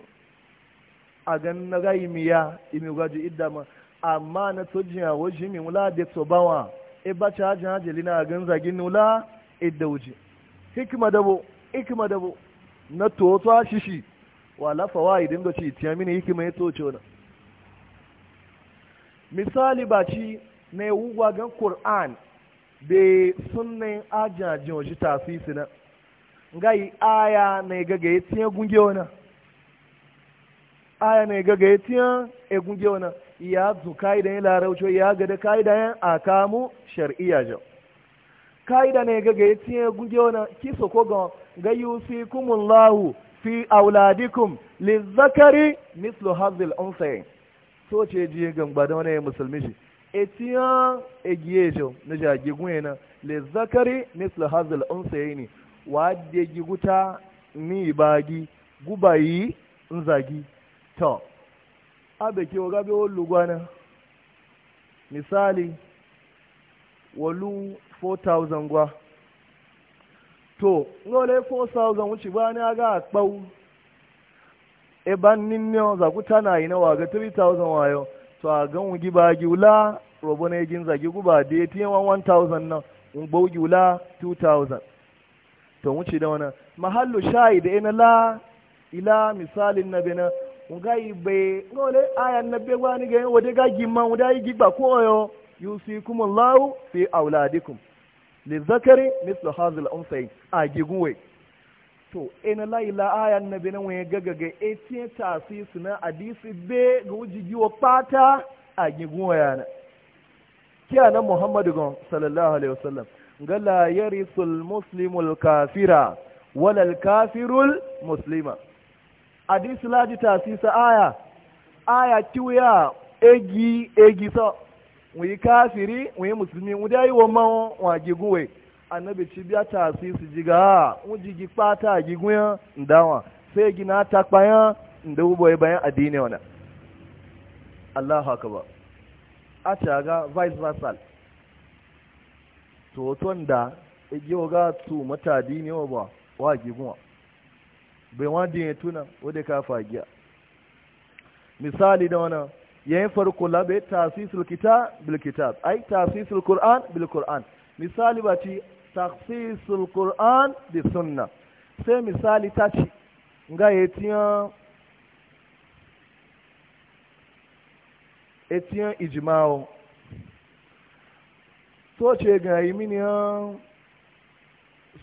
S1: a gan na gai miya imi gwaji idda ma amma na tojiya waje mi mula da tobawa e ba ta hajin hajjali na gan zagin nula idda e wuce hikima dabo hikima dabo na toto a shishi wa lafa wa idin da ci tiya mini hikima ya toce wani misali ba ci na yawuwa gan Kur'an da sunne ajajin waje tafisi na gai aya na gaga ya tiya gungiyo na aya ne ga ga tiyan egun wannan na ya zu ka'ida ne larauco ya gada ka'ida yan a kamu shar'iyya jau ka'ida ne ga ga tiyan egun wannan kiso ko ga ga yusi kumullahu fi auladikum lizakari mislu hazil unsayin so ce ji gamba da wani musulmi shi etiyan egiye jau na jagi guyena lizakari mislu hazil unsayin wa da giguta ni bagi gubayi nzagi to abe ke waga be wolu gwana misali wolu 4000 gwa to ngole 4000 wuci ni aga akpau e ban ninne za kutana ina waga 3000 wayo to a gan wugi ba giula robo na yagin zagi ba da ya tiyan 1000 nan un bau giula 2000 to wuce da wana, mahallu shayi da ina la ila misalin na bena ngai be ngole aya na be gwani ga wode ga gimma wode yi gigba ko oyo yusikum allah fi auladikum lizakari mislu hazil unsay a giguwe to ina la ila aya na be na we gaga ga etie tasisi suna hadisi be ga wujigi wa pata a giguwe yana kiyana muhammadu gon sallallahu alaihi wasallam ga la yarisul muslimul kafira wal kafirul muslima hadisi laji tasisa aya aya ya, egi egi so wi kafiri wi musulmi wudi ayi wo wa giguwe annabi ci biya tasisi jiga wuji gi pata giguya ndawa sai gi na takpaya nda ubo bayan addini wana Allahu akbar a ga vice versa to ton da igi ga tu mata addini wa ba wa giguwa bai wadda ya tuna wadda ka fagiya misali da wannan yayin farko labe tasisul kitab bil ai tasisul qur'an misali ba ci tasisul qur'an sunna sai misali ta ci nga yetiyan etiyan ijma'o so ce ga yi miniyan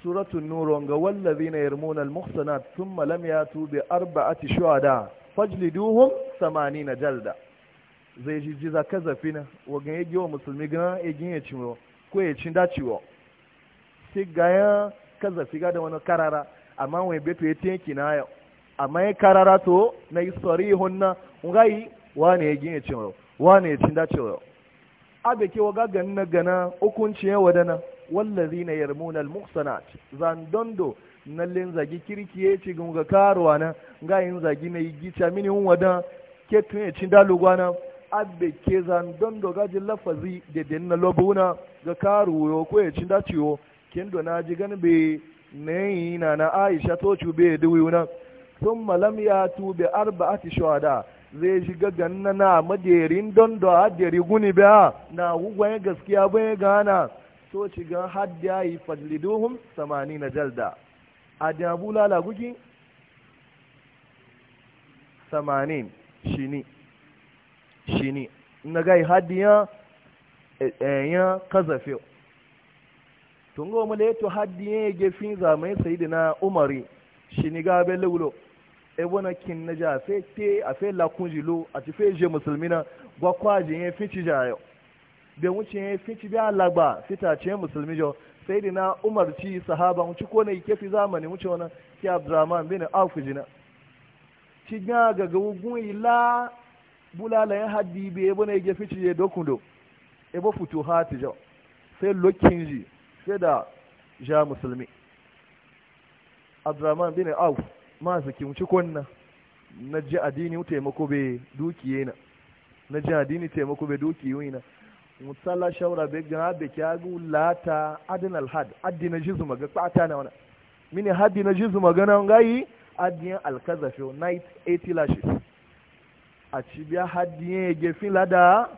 S1: suratun nuron ga wallazi na yarmunan muhsanat sun malam ya tube arba'ati shuhada duhun samani na jalda zai ji ji zaka zafi na wagan ya giwa musulmi gina ya gin ya ciwo ko ya cin daciwo sai ga ya ka zafi ga da wani karara amma wani beto ya tenki na yau amma ya karara to na yi sori hunna ngayi wani ya gin ya ciwo wani ya cin daciwo abe ke waga gana gana hukunci ya wadana wallazi na yarmuna al-muhsanat zandondo na lin zagi kirki ya ci gunga karuwa na ga yin zagi na yigica mini hun wada ke tun ya ci dalugwa na abbe ke zandondo gaji lafazi da den na lobuna ga karuwa ko ya ci daciwo kendo na ji gani be na yi na na aisha to be da wuna sun malam ya tube arba'ati shawada zai shiga ganna na madirin dondo a deri guni ba na gugwayen gaskiya bai gana so ci ga hadda yi fadliduhum samani na jalda a jabu lalagugi samanin shini shini na gai hadiya ɗaya e, e, kazafe tun ga wani laito hadiya ya gefi zamai sai na umari shini gabe e ebona kin na jafe te a fe lakunjilo a ti fe je musulmina gwakwaje ya fi ci jayo da wuce ya fi ci biya lagba fita ce musulmi jo sai da na umarci sahaba wuce ko na ike fi zamani wuce wani ki abdurrahman bin auf jina ci ga ga gugun ila bulala ya haddi bai yabo na ike fi ci ya dokundo Ebo fito hati jo sai lokin ji sai da ja musulmi abdurrahman bin auf ma su ki wuce konna na ji adini taimako bai dukiye na na ji adini taimako bai dukiye na musalla shawara be ga be kyagu lata adin alhad adina jizu maga kwata na wana mini hadina jizu maga na ngai adin alkazafi night 80 lashes a cibiya hadin egefin lada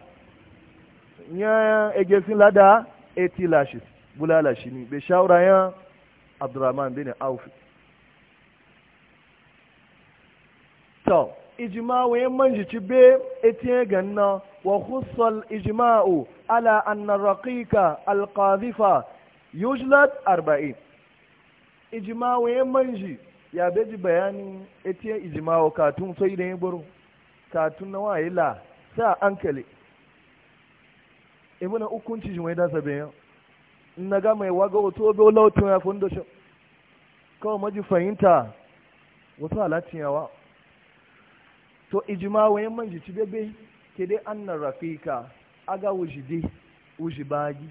S1: ya egefin lada 80 lashes bulala shi ni bai shawara ya abdurrahman bin auf to ijma'u ya manji ci be etiye ganna wa khussal ijma'u ala anna raqiqa alqadhifa yujlat 40 ijma'u ya manji ya beji bayanin etiye ijma'u katun sai da ya baro katun na wayila sa ankale ibuna hukunci jimai da sabiyan na ga mai waga wato bai lautun ya fundo shi kawai maji fahimta wasu halatin yawa to ijima wayan man jici bebe ke dai annan rafika aga wujide wujibagi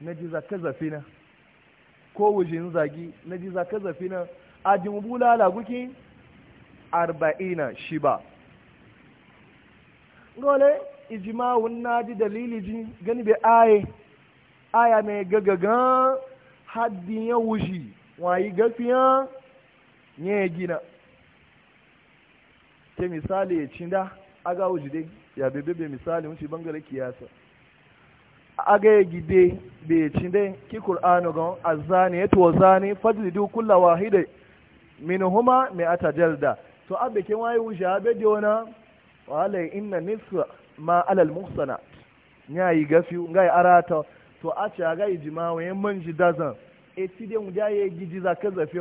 S1: na ji zaka zafina ko wujin zagi na ji zaka zafina a jimbula laguki arba'ina shiba gole ijima na ji dalili ji gani bai aye aya mai gagagan haddin ya wuji wayi gafiya ya gina te misali ya cinda aga wuji dai ya bebe misali wuce bangare kiyasa aga ya gide bai ya cinda ki qur'anu ga azani ya tuwa zani fajlidu kullu wahida mai ata jalda to abe ke wayi wuce da de wana wala inna nisa ma alal muhsana yi gafi ga ya arata to a ce a ga yi jima wa yin manji dazan eti dai mu ya gidi kan zafi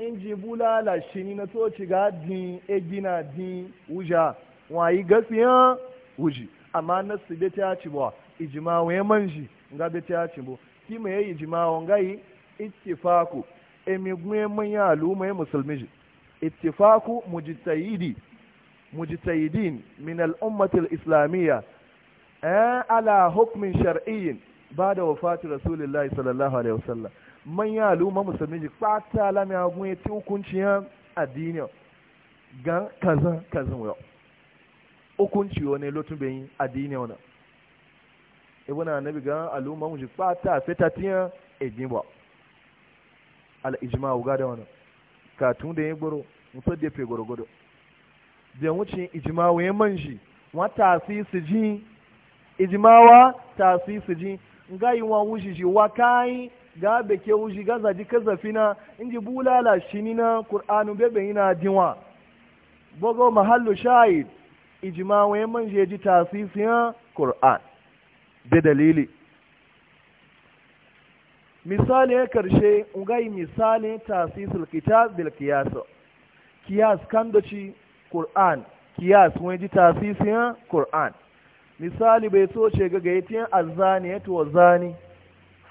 S1: In inji bulala ni na toci ga din e gina din wuja wayi gasiya wuji amma na su da ta ci ba ijimawa ya manji ga da ta ci bo Ki mai ijimawa ga yi ittifaku e mi gwe aluma ya musulmi ji ittifaku mujtahidi mujtahidin min al-ummati al-islamiyya eh, ala hukmin shar'iyyin ba da wafatin rasulullahi sallallahu alaihi wasallam manyan al'umma musulmi ji kpata lami agun ya ti hukunciyar addini gan kazan kazan yau hukunci wani lotun bayin addini na ibn annabi gan al'umma mu ji feta tiya ejin ba ijima uga da wani katun da ya gboro mutu da fe gwargwado da wuce ijima wa manji shi wa tasi su ji wa tasi su ji nga yi wa wuce shi wa kayi ga ke wuji ga zaji in inji bulala na qur'anu bebe yana diwa bogo mahallu shahid ijima wa man je ji tasisiyan qur'an da dalili misali ya karshe ngai misali tasisul kitab bil qiyas qiyas kan da ci qur'an qiyas wani ji tasisiyan Kur'an. misali bai so ce ga gaitiyan azzani ya to zani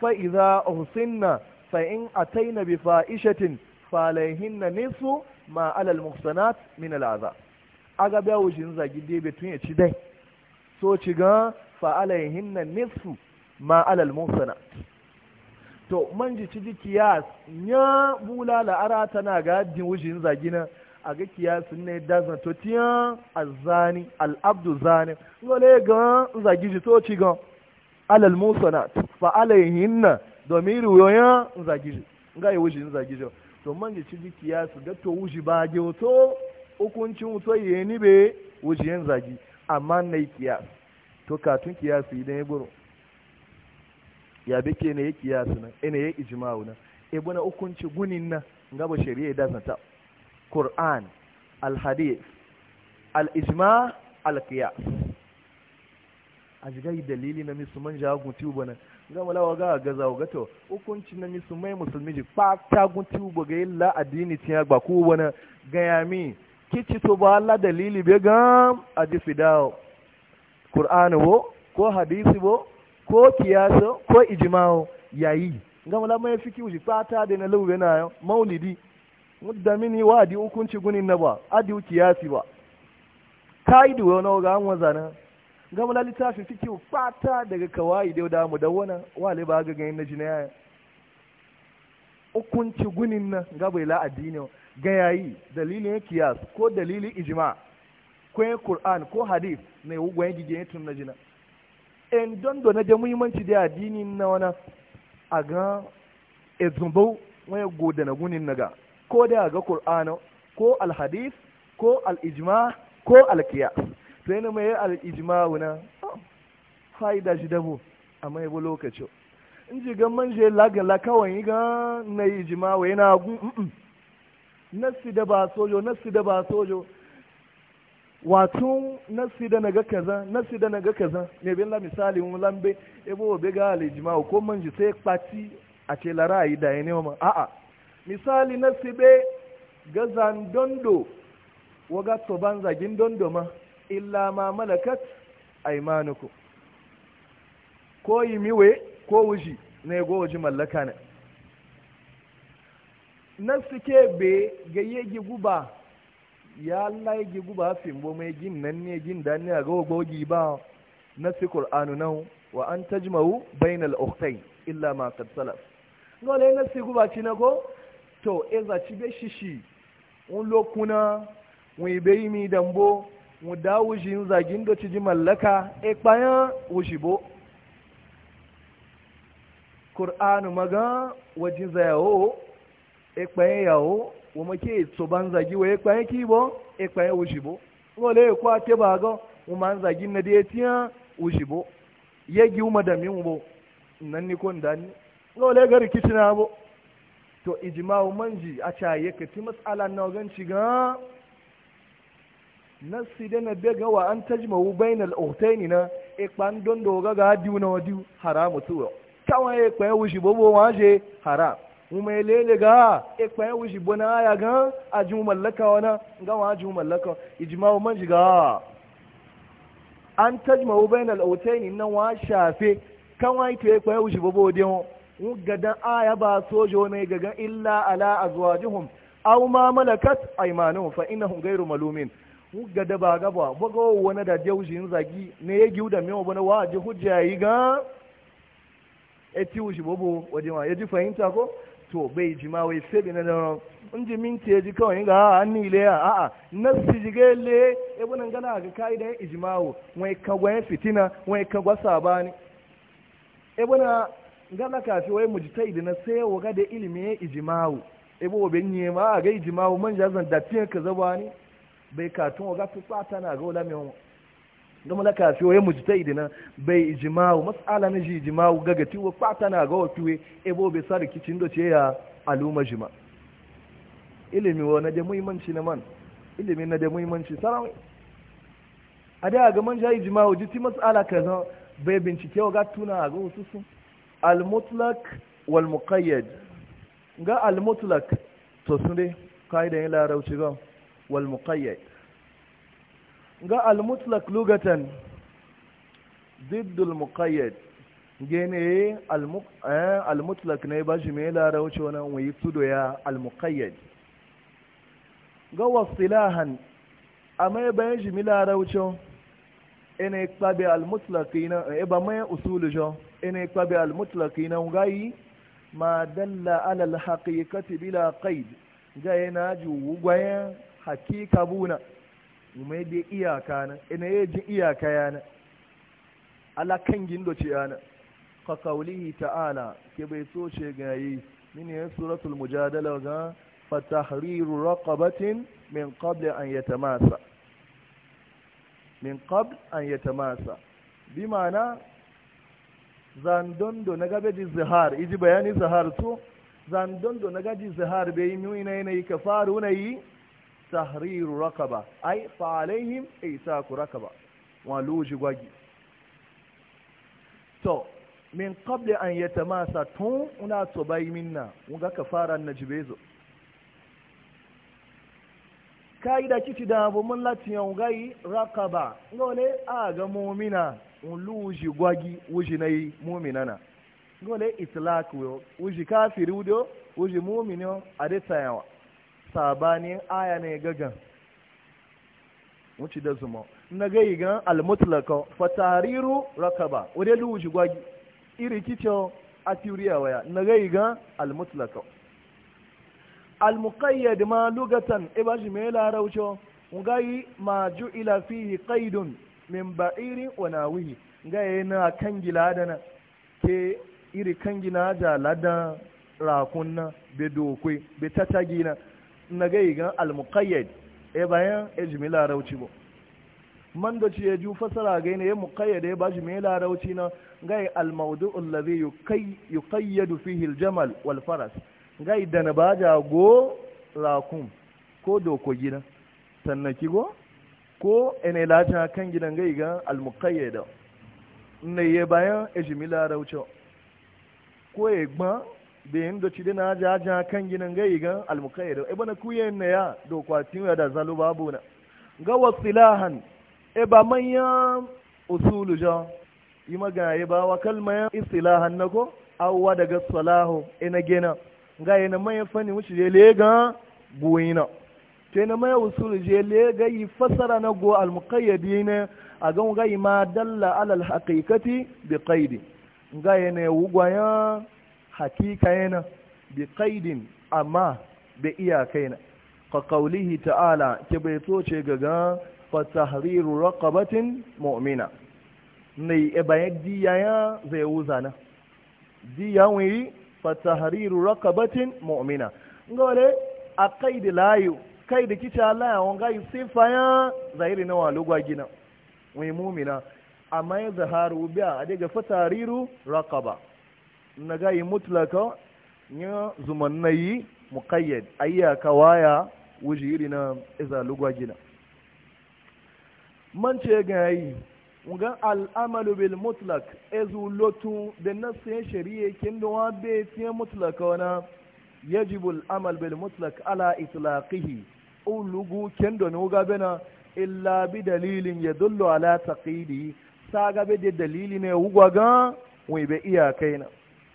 S1: fa idza uhsinna fa in ataina bi faishatin falaihinna nisu ma alal muhsanat min al azab aga ba wujin zagi debe tun ya ci dai so ci ga fa alaihinna nisu ma alal muhsanat to man ji ci kiyas nya bula la ara tana ga din wujin zagi na ga kiyas ne dazna to tiyan azani al abdu zani ngole ga zagi ji to ci ga alal musanat fa alaihinna domin riwoyin zagiji ga yi wuji zagiji to man ji ci jikiya su da to wuji ba ge to hukuncin to ye ni be wuji yin zagi amma na yi kiya to kiya su idan ya guru ya bi ke ne ya su na ina ya ijma'u na e bana hukunci gunin na ba shari'a da zata qur'an al hadith al ijma' al qiyas a jiga dalili na musulman jagun tubo na zama lawa ga gaza ga to hukunci na musulmai musulmi ji fata gun tubo ga illa addini tiya ba ko wani gayami kici to ba Allah dalili be ga hadisi dawo qur'ani wo ko hadisi bo ko kiyaso ko ijma'o yayi gama lawa mai fiki uji fata da na lauwe na maulidi da mini wa di hukunci gunin na ba adi kiyasi ba kaidu wani ga an wazana gama la littafi fikihu fata daga kawai da da mu dawwana wale ba ga ganin naji na hukunci gunin nan ga bai la addini ga yayi dalilin kiyas ko dalilin ijma ko Qur'an ko hadith ne ugwan gige tun naji na en don do na da muhimmanci da addini na wana a ga ezumbau wani goda na gunin naga ko da ga Qur'ano ko al-hadith ko al-ijma ko al-qiyas sai na mai alijimawu na oh, fa'ida shi dabo mai bu lokaci in ji gan manje lagala kawai yi gan na yi ijma'u yana gun nasi da ba sojo nasi da ba sojo wato nasi da naga kaza nasi da naga kaza ne bin la misali mun lambe ebo be ga alijimawu ko manje sai pati a ce la ra'ayi da yana ma a'a misali nasi be ga zandondo waga to banza gin dondo ma illa ma malakat aimanukum ko yi miwe ko wuji na go wuji mallaka ne na suke be ga yegi guba ya Allah yegi guba fin bo mai gin nan ne gin dan ne ga gogi ba na fi qur'anu nan wa an tajma'u bainal ukhtayn illa ma qad salaf ngole na si guba ci na ko to eza ci be shishi un lokuna wi yi mi dambo mu da wujin zagin da ci ji mallaka e bayan wujibo Kur'anu maga wajin zayawo e bayan yawo wa make so ban zagi wa e bayan kibo e bayan wujibo ngole e kwa ba ga mu man zagin na de e tiya wujibo gi wuma da min bo nan ni kon dan wale e ga rikitina bo to ijma'u manji a cha yake ti mas'ala na gan ci gan. nasi da na bega wa an tajma wu bainal uhtaini na ikpan don doga ga ga diu na wadiu haramu tuwo kawa e kwa wushi bobo waje haram ya lele ga ikpa ya wushi bona ya ga a ji mallaka wana ga wa ji mallaka wa manji ga. an tajma wu bainal uhtaini na wa shafe kawa ito ya ikpan wuji wushi bobo de mu gadan aya ba sojo ne gaga illa ala azwajuhum aw ma malakat aymanuhum fa innahum ghayru malumin ga da ba gaba baga wani da je wushin zagi ne ya giwu da mewa bane wa ji hujja yi ga eti wushi bobo waje ma ya ji fahimta ko to bai ji ma wai sai na da in ji minti ya ji kawai ga an ni le a a nafsi ji gele e bunan gana ga kai da ijmawo wai kagwa fitina wai kagwa sabani e na gana kafi wai ta idina sai waga da ilimi ya ijmawo e bo ben ma ga ijmawo man zan da tiyan ka ni? bai katun waga fi sata na ga ulami wa don mala kafi wa ya mujita idina bai ijimawu matsala na ji ijimawu ga gati wa sata na ga wafiwe ebo bai sa rikicin da ce ya aluma jima ilimi wa na da muhimmanci na man ilimi na da muhimmanci sarawai a da ga man ijimawu jimawu jiti matsala kaza bai bincike waga tuna ga wasu su al-mutlaq wal muqayyad ga al-mutlaq to sun dai yin larauci ga wal muqayyad ga al lugatan ضد المقيد gene almutlak ne ba shi mai larauci wani wuyi tudo ya almukayyad ga wasilahan a mai e bayan shi mai larauci ina ikpabe almutlaki na eba mai usulu jo ina ikpabe almutlaki na gayi ma dalla alal haqiqati bila e ji hakika buna mai da iyaka na ina yi jin iyaka yana ala kan gindo ce yana ka kaulihi ta'ala ke bai so ce gayi mini yin suratul mujadala ga fatahriru raqabatin min qabli an yatamasa min qabl an yatamasa bi ma'ana zandondo na gabe di zihar iji bayani zihar to zandondo na gaji zihar bai yi nuna yanayi ka faru na yi tahriru rakaba ai fa isaku rakaba wa luji gwagi to min qabli an yatamasa tun una to bai minna unga kafaran najibezo kaida kici da abu mun latiyan gai rakaba ngole a ga mu'mina un luji gwagi wuji nayi mu'minana ngole itlaq wuji kafiri wudo wuji mu'mino yawa. sabanin aya ne gagan wuce da zuma na gai gan almutlaka fatariru rakaba wadda luwuji gwagi iri kicho a turiya waya na gai gan almutlaka almuqayyad ma lugatan ibaji e me laraucho ngai ma ju'ila fihi qaidun min ba'irin wa nawihi ngai na kangila ke iri kangina ja ladan rakunna be dokwe tatagina na gai gan al-muqayyad e bayan e jimila rauci bo man da ci ya ju fasara gai ne ya muqayyad e ba jimila rauci na gai al-mawdu alladhi yuqayyad fihi al-jamal wal faras gai da na baja go rakum ko doko gida sannan go? ko ene lata kan gidan gai gan al-muqayyada ne e bayan e jimila rauci ko e gban da yin da cidina na jaja kan ginin gai gan almukayyar ebe na e kuye na ya do kwatin ya da zalu babu na ga wasilahan e ba manyan usulu ja yi magaye ba wa kalmayan istilahan na ko awwa daga salahu ina e gina ga e na maya fani wuce je le ga buina te na maya usulu je le ga yi fasara na go almukayyadi ne a ga ga ma dalla alal haqiqati bi qaidi ga yana wugwayan hakika yana bi qaidin amma da iyakaina ka kaulihi ta'ala ke bai toce gaga fa tahriru raqabatin mu'mina ne e bayan diya ya zai wuza na diya wi fa tahriru raqabatin mu'mina ngole a kaidi layu kaidi kici Allah ya wanga sifa ya zahiri na walugwa gina mu'mina amma ya zaharu biya a daga fa tahriru raqaba na gayi mutlaka ya zumannayi muqayyad ayya waya wujiri na iza lugwa gina man ce gayi ga al'amalu bil mutlak ezu lotu da nasu shari'a kin da wabe fiye mutlaka wana yajibu al'amal bil mutlak ala itlaqihi ulugu kin da nuga bena illa bi dalilin ya dullu ala taqidi sa gabe da dalili ne ga wai bai iya kaina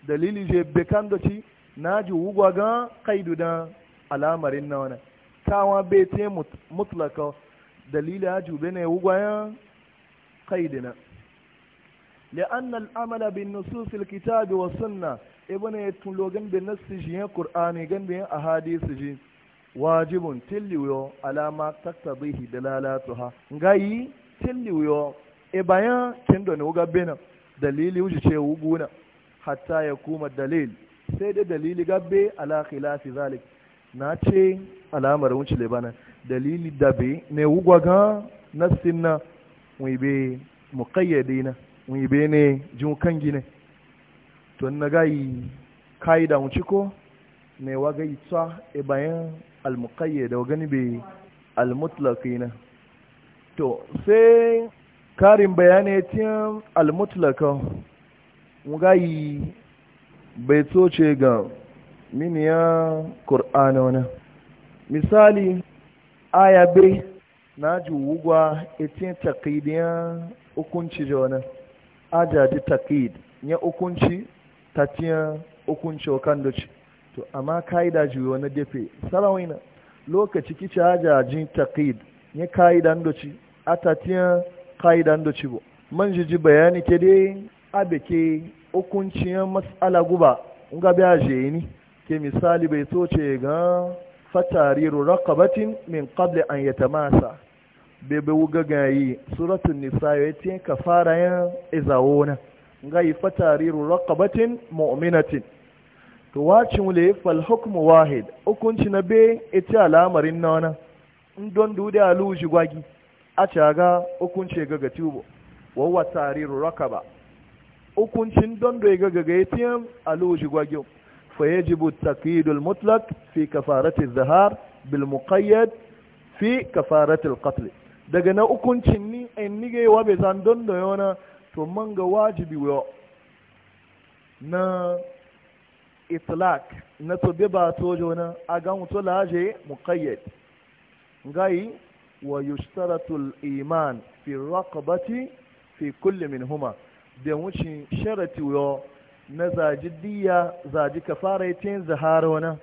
S1: dalili je bekan ci na ji wugwa ga kaidu da alamarin na wani kawa bai te mutlaka dalili ya jube ne wugwa ya kaidu na لأن الأمل بالنصوص الكتاب والسنة ابن يتلوغن بالنص جيه قرآني جن بين أحاديث جيه واجب تلويو على ما تقتضيه دلالاتها غاي تلويو إبايا كندو نوغا wuga دليل وجي شيء وغونا hatta ya kuma dalil sai dai dalili gabbe ala khilafi zalik na ce alamar wuce bana dalili dabe ne wugwaga nassin na wibe muqayyade na wibe ne jinkan kan gine to na gayi kaida wuce ko ne waga isa e bayan al muqayyada wa gani be al mutlaqina to sai karin bayanai tin al ngayi bai toce ga miniya ƙur'ana wani misali ayabe na ji wugwa itin takidiyar hukunci da wani ajaji takid ya hukunci tatiyar hukunci wakan doci to amma ka'ida ji wani dafe na lokaci kici ajajin takid ya ka'idan doci a tatiyar ka'idan doci bu man ji bayani ke dai abeke hukunciyar matsala guba ga biya ni ke misali bai so ce ga fatariru rakabatin min kable an yatamasa masa bebe wuga gayi suratun nisa tiyan ka fara yan izawona ngai fatariru rakabatin mu'minatin to wacin wule fal hukumu wahid hukunci na be ita al'amarin nana don dude luji gwagi a caga hukunci ga gatubo wa wa tariru rakaba hukuncin don da ga gaga ya tiyan alushi gwagyo fa yajibu taqidul mutlak fi kafarati zahar bil muqayyad fi kafarati al daga na hukuncin ni en nige wa be zan don da yona to man ga wajibi wa na itlaq na to be ba to jona aga mutu laje muqayyad ngai wa yushtaratu al iman fi raqabati fi kulli huma. da wucin sharati yo na zaji diya zaji kafara ya tin zahara wana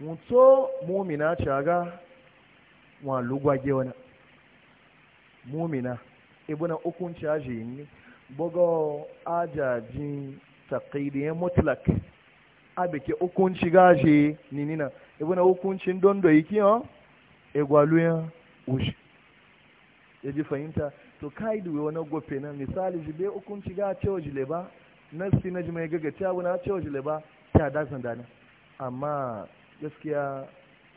S1: mutu mumina caga wa lugwage wana mumina ibuna ukun caji ne bogo ajajin taqidiyya mutlak abike hukunci gaje ninina ibuna ukuncin dondo yiki yo egwaluya ushi yaji fahimta to kai duwe wani gofe na misali ji bai hukunci ga cewa jile ba na si na jimai gaga cewa na cewa jile ba ta da san dani amma gaskiya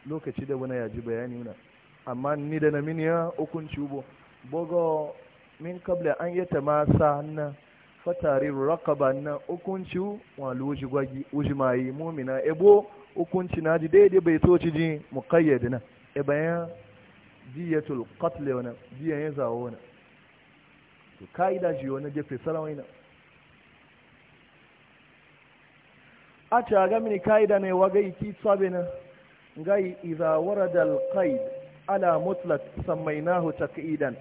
S1: lokaci da wani ji bayani wuna. amma ni da na mini ukun hukunci ubo bogo min kabla an yi ta masa na fatari rakaba na hukunci wani wuji gwagi wuji mayi mumina ebo hukunci na ji daidai bai ci ji mukayyadi na e bayan diyatul qatl wani diyan zawo wani to ka'ida jiyo na jefe sarawai na a ce a gami ka'ida ne wa gai ki tsabe na gai izawar da alƙaid ala mutlat sammai hu taƙidan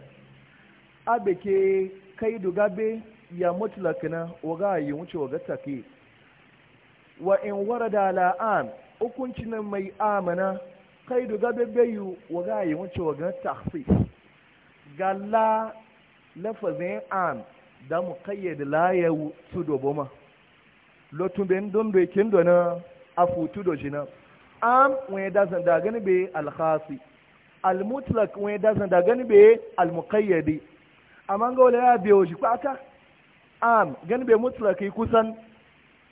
S1: abe ke kaidu gabe ya mutlak na waga yi wuce waga taƙi wa in da la'an hukuncin mai amana kaidu gabe bayu waga yi wuce waga taƙi galla lafazin an da mu kayyade layawu su dobo ma lotun bin don bai kin dona a futu da do na. am wani dazan da gani bai alkhasi almutlak wani dazan da gani bai almukayyadi amma ga wala ya biyo shi kwata am gani bai mutlak kusan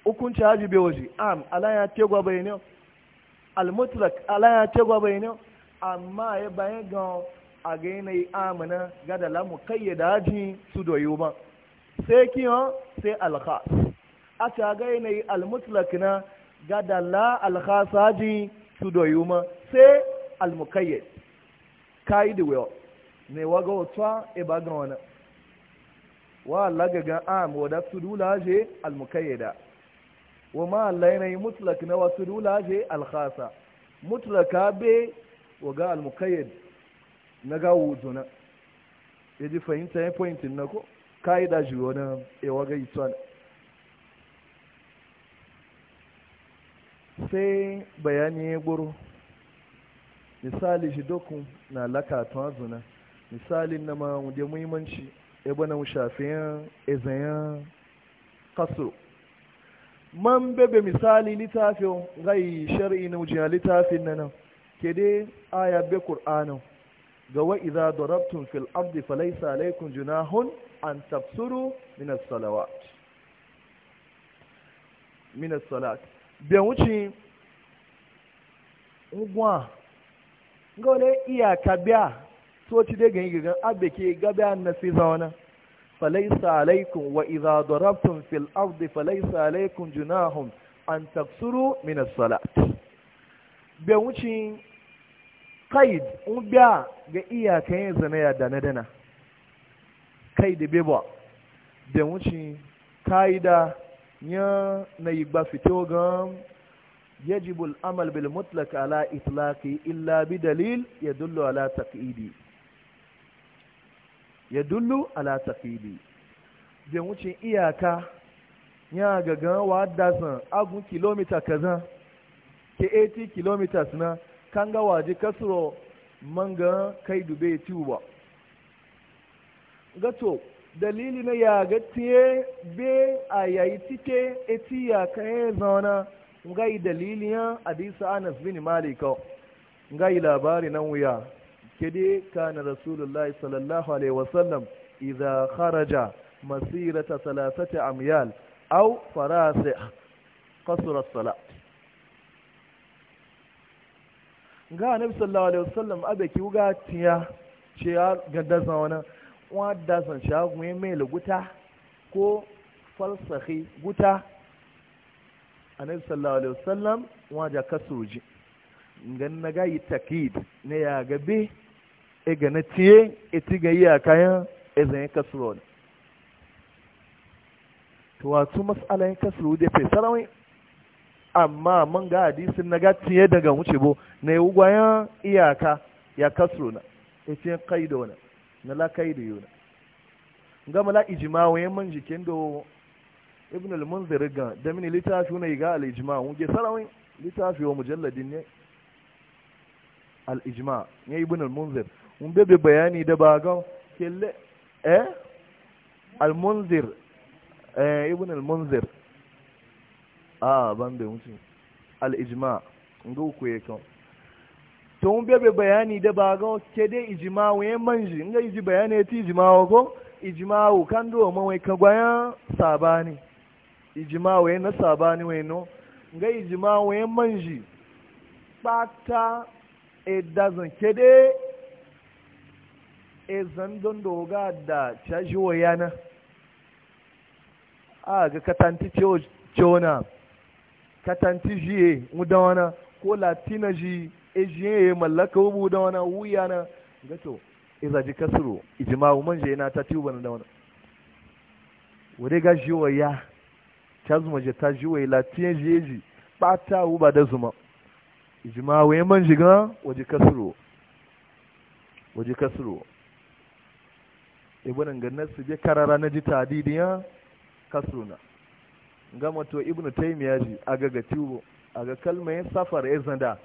S1: hukunci haji biyo shi am ala ya tegwa bai ne almutlak ala ya tegwa bai ne amma ya bayan gan a ga yanayi amina ga da lamu ya daji su doyo ba sai kiyo sai alkhas a ta ga yanayi almutlak na ga da la alkhas haji su doyo ma sai almukayyad kai da wayo ne waga wata e ba ga wani wa Allah ga gan am da su dula je almukayyada wa ma Allah yanayi mutlak na wasu dula je alkhasa mutlaka be ga almukayyad na gawo zona ya ji fahimta ya pointin na ko ka'ida shi na ewa ga ituwa sai bayani ya gburu misali shi dokun na lakatun azuna misalin na ma wunde muhimmanci ebe na shafiyan ezayen kaso man bebe misali littafin gai shari'i na wujina littafin na nan ke dai ya be ƙur'anin ga wa'iza darabtun fil abdi falaisa alaikun junahun an tafsuru minas salawat minas salat bai wuce ngwa ga wale iyaka biya to ci dai gani gagan abe ke gaba na fi zauna falaisa wa wa'iza darabtun fil abdi falaisa alaikun junahun an tafsuru minas salat bai wuce kaid un ga ga iyakan yin zana ya dana dana kaid beba da wuce kaida ya na yi ba fito ga يجب الأمل illa bi إطلاقه ya dullu ala taqidi ya dullu على de da wucin iyaka ya gaga wa dasan agun kilomita kaza ke 80 kilometers na kan ga waje kasuro man ga kai dube tuba gato dalili na ya ga tiye be a yayi tike eti ya kai zauna ngai dalili ya hadisa Anas bin Malik ngai labari nan wuya kede kana rasulullahi sallallahu alaihi wasallam idza kharaja masirata thalathati amyal au farasih qasra as-salat ga anabi sallallahu alaihi wasallam abe ki uga tiya ce ya gadda san wani wa da san sha gwe mai guta ko falsafi guta anabi sallallahu alaihi wasallam wa ja kasoji ngan na ga yi takid ne ya gabe e ga na tiye e ti ga yi akayan e zan kasuro to wato mas'alan kasuro da fe sarawai amma man ga hadisin na gatiye daga wuce bo na yi gwayan iyaka ya kasro na ife kaido na na la kaido yau na gama la ijima wayan man jikin do ibn al-munzir ga da mini littafi na ga al ijima mun ge sarawin littafi wa mujalladin ne al-ijma ne ibn al-munzir un bebe bayani da ba ga kelle eh al-munzir eh ibn al-munzir a ban bai wuce al'ijima ga uku ya kan to mun bebe bayani da ba ga ke dai ijima waye manji in iji bayani ti ijima wa ko ijima wa kan do ma wai kagwaya sabani ijima waye na sabani wai no ga ijima waye manji bata e dazan ke dai e zan doga da caji wayana a ga katanti ciwo ciwo katanti jiye mudawana ko latina ji e jiye mallaka wubu da wana wuya na gato iza ji kasuru ijima man manje na ta tiuba na wana wuri ga jiwa ya chazuma je ta jiwa latina jiye ji bata wuba da zuma ijma'u ya man ga waje kasuru waje kasuru ibunan gannar su je karara na ji tadidiya kasuru na gama to ibnu taymiya ji aga ga tubo aga kalmar safar ya zanda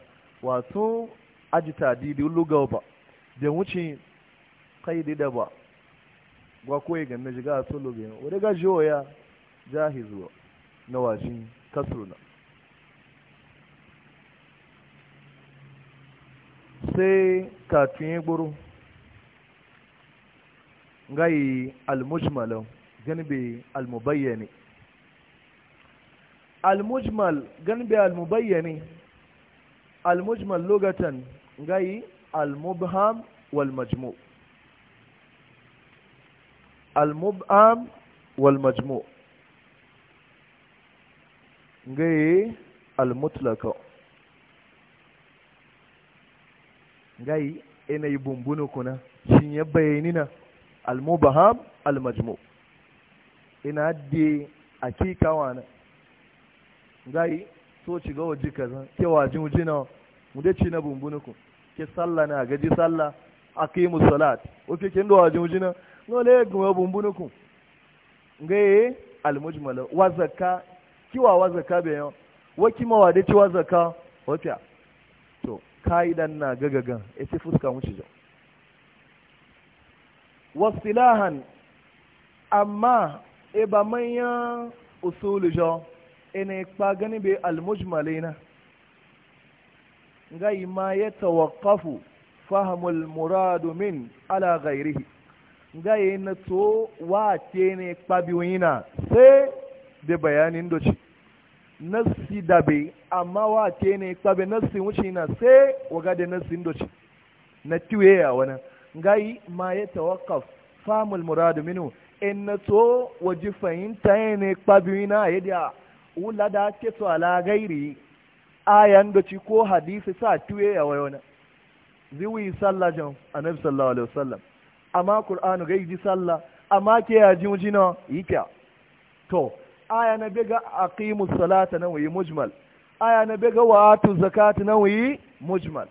S1: wato ajita didi luga ba da wuce kai da ba gwa koyi ga na ga a solo bayan wadda ga jiwo ya jahizuwa na washin na sai kafin ya gburu gai almujmalau ganbe almubayyane المجمل جنب المبين المجمل لغة جاي المبهم والمجموع المبهم والمجموع جاي المطلق جاي ina yi كنا شين يبينينا المبهم المجموع na almubaham almajmu ina da akikawa na gai so ci ga waje kaza ke waje waje na mu dai ci na bumbunu ke sallah na gaji sallah aqimu salat o ke kin do waje waje na no le gwa bumbunu ku al mujmal wa zakka kiwa wa zakka be yo wa kima wa dai ci wa zakka wafiya to kaidan na gagagan e ci fuska mu ci jo wasilahan amma e ba manyan usulu jo ina kpa gani bai almujmale na gai ma ya tawakafu fahimul muradu min ala gairihi gai na to ce ne kpa biyuna sai da bayanin doci da dabe amma ce ne kpa bi nassi wuce na sai waga da nasi doci na tiwe ya wani gai ma ya tawakaf fahimul muradu minu in na to waje fahimta ne kpa biyuna a yadda wula da ke su ala gairi ayan da ci ko hadisi sa tuye ya wayona. ziwi sallah jan annabi sallallahu alaihi wasallam amma qur'anu ji sallah amma ke ya mujina yika to aya na bega aqimu salata na wayi mujmal aya na bega wa atu zakata na wayi mujmal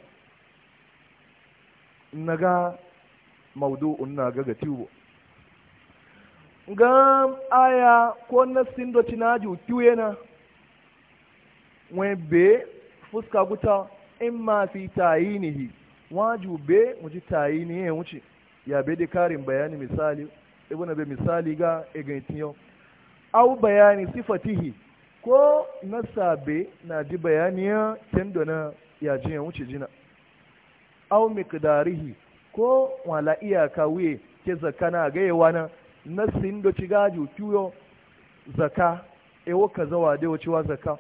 S1: naga mawdu'un naga gatibo ngam aya ko sindo do tinaju kiyena webe fuska guta imma fi tayinihi be muji tayini eh, ya wuce ya be da karin bayani misali ibn be misali ga egaitinyo au bayani sifatihi ko na sabe na di bayaniya tendo na yajin ya wuce jina au mikdarihi ko wala iyaka wuye ke zakana ga yawana nasin do ci gaju kiyo zaka E kaza zawa de wa zaka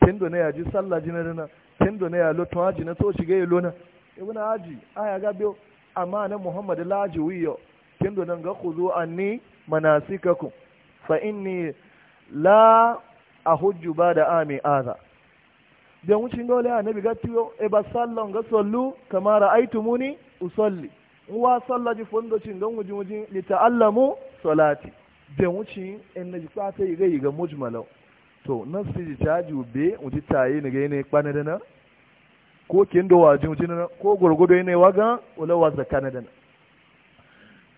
S1: tendo na yaji sallah na dana tendo na yalo to haji na to ci ga yalo na ewo na haji aya ga biyo amma na muhammad laji wiyo tendo nan ga khudu anni manasikakum fa inni la ahujju bada ami aza dan wucin dole annabi ga tiyo e ba sallon ga sallu kama aitumuni usalli wa sallaji ji fondo cin gan wujin wujin li ta'allamu salati da wuci in naji ta yi gai ga mujmalau to nan su ji caji ube ta yi ni gai ne kwana da na ko kin da wajin wujin na ko gurgudu ne waga wala wa zakana da na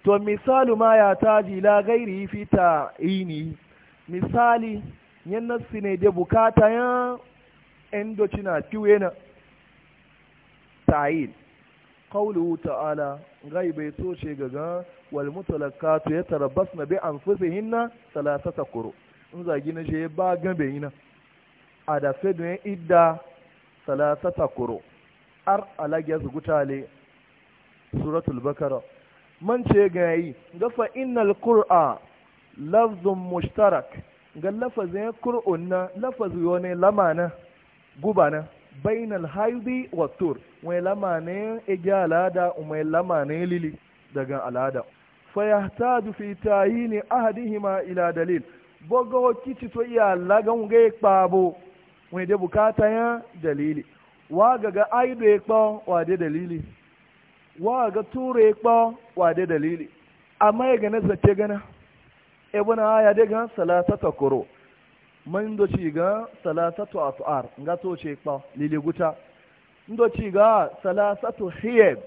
S1: to misalu ma ya taji la gairi fi ini misali yan nasu ne da bukata ya endocina kiwena ta'in qawluhu ta'ala gai bai so ce gaga wal mutalakatu ya tarabbas na bi an fusi hinna talatata kuro in zagi na je ba gabe yina a da fedon idda talatata kuro ar alagiyar gutale suratul bakara man ce gayi gafa innal qur'a lafzun mushtarak ga lafazin qur'un na lafazi na, lamana gubana bainal haidi wa tur mai lamanin igi alada mai lamanin lili daga alada fayahtaju yi ne ahadihima ila dalil bogo kici to iya lagan ga kpabo mai da bukata ya dalili wa ga ga aido ya kpa wa da dalili wa ga tura ya kpa wa da dalili amma ya gane zace gana ibn aya daga salatata takoro. man do ci ga salasatu atuar nga to ce pa lile guta ndo ci ga salasatu hiyab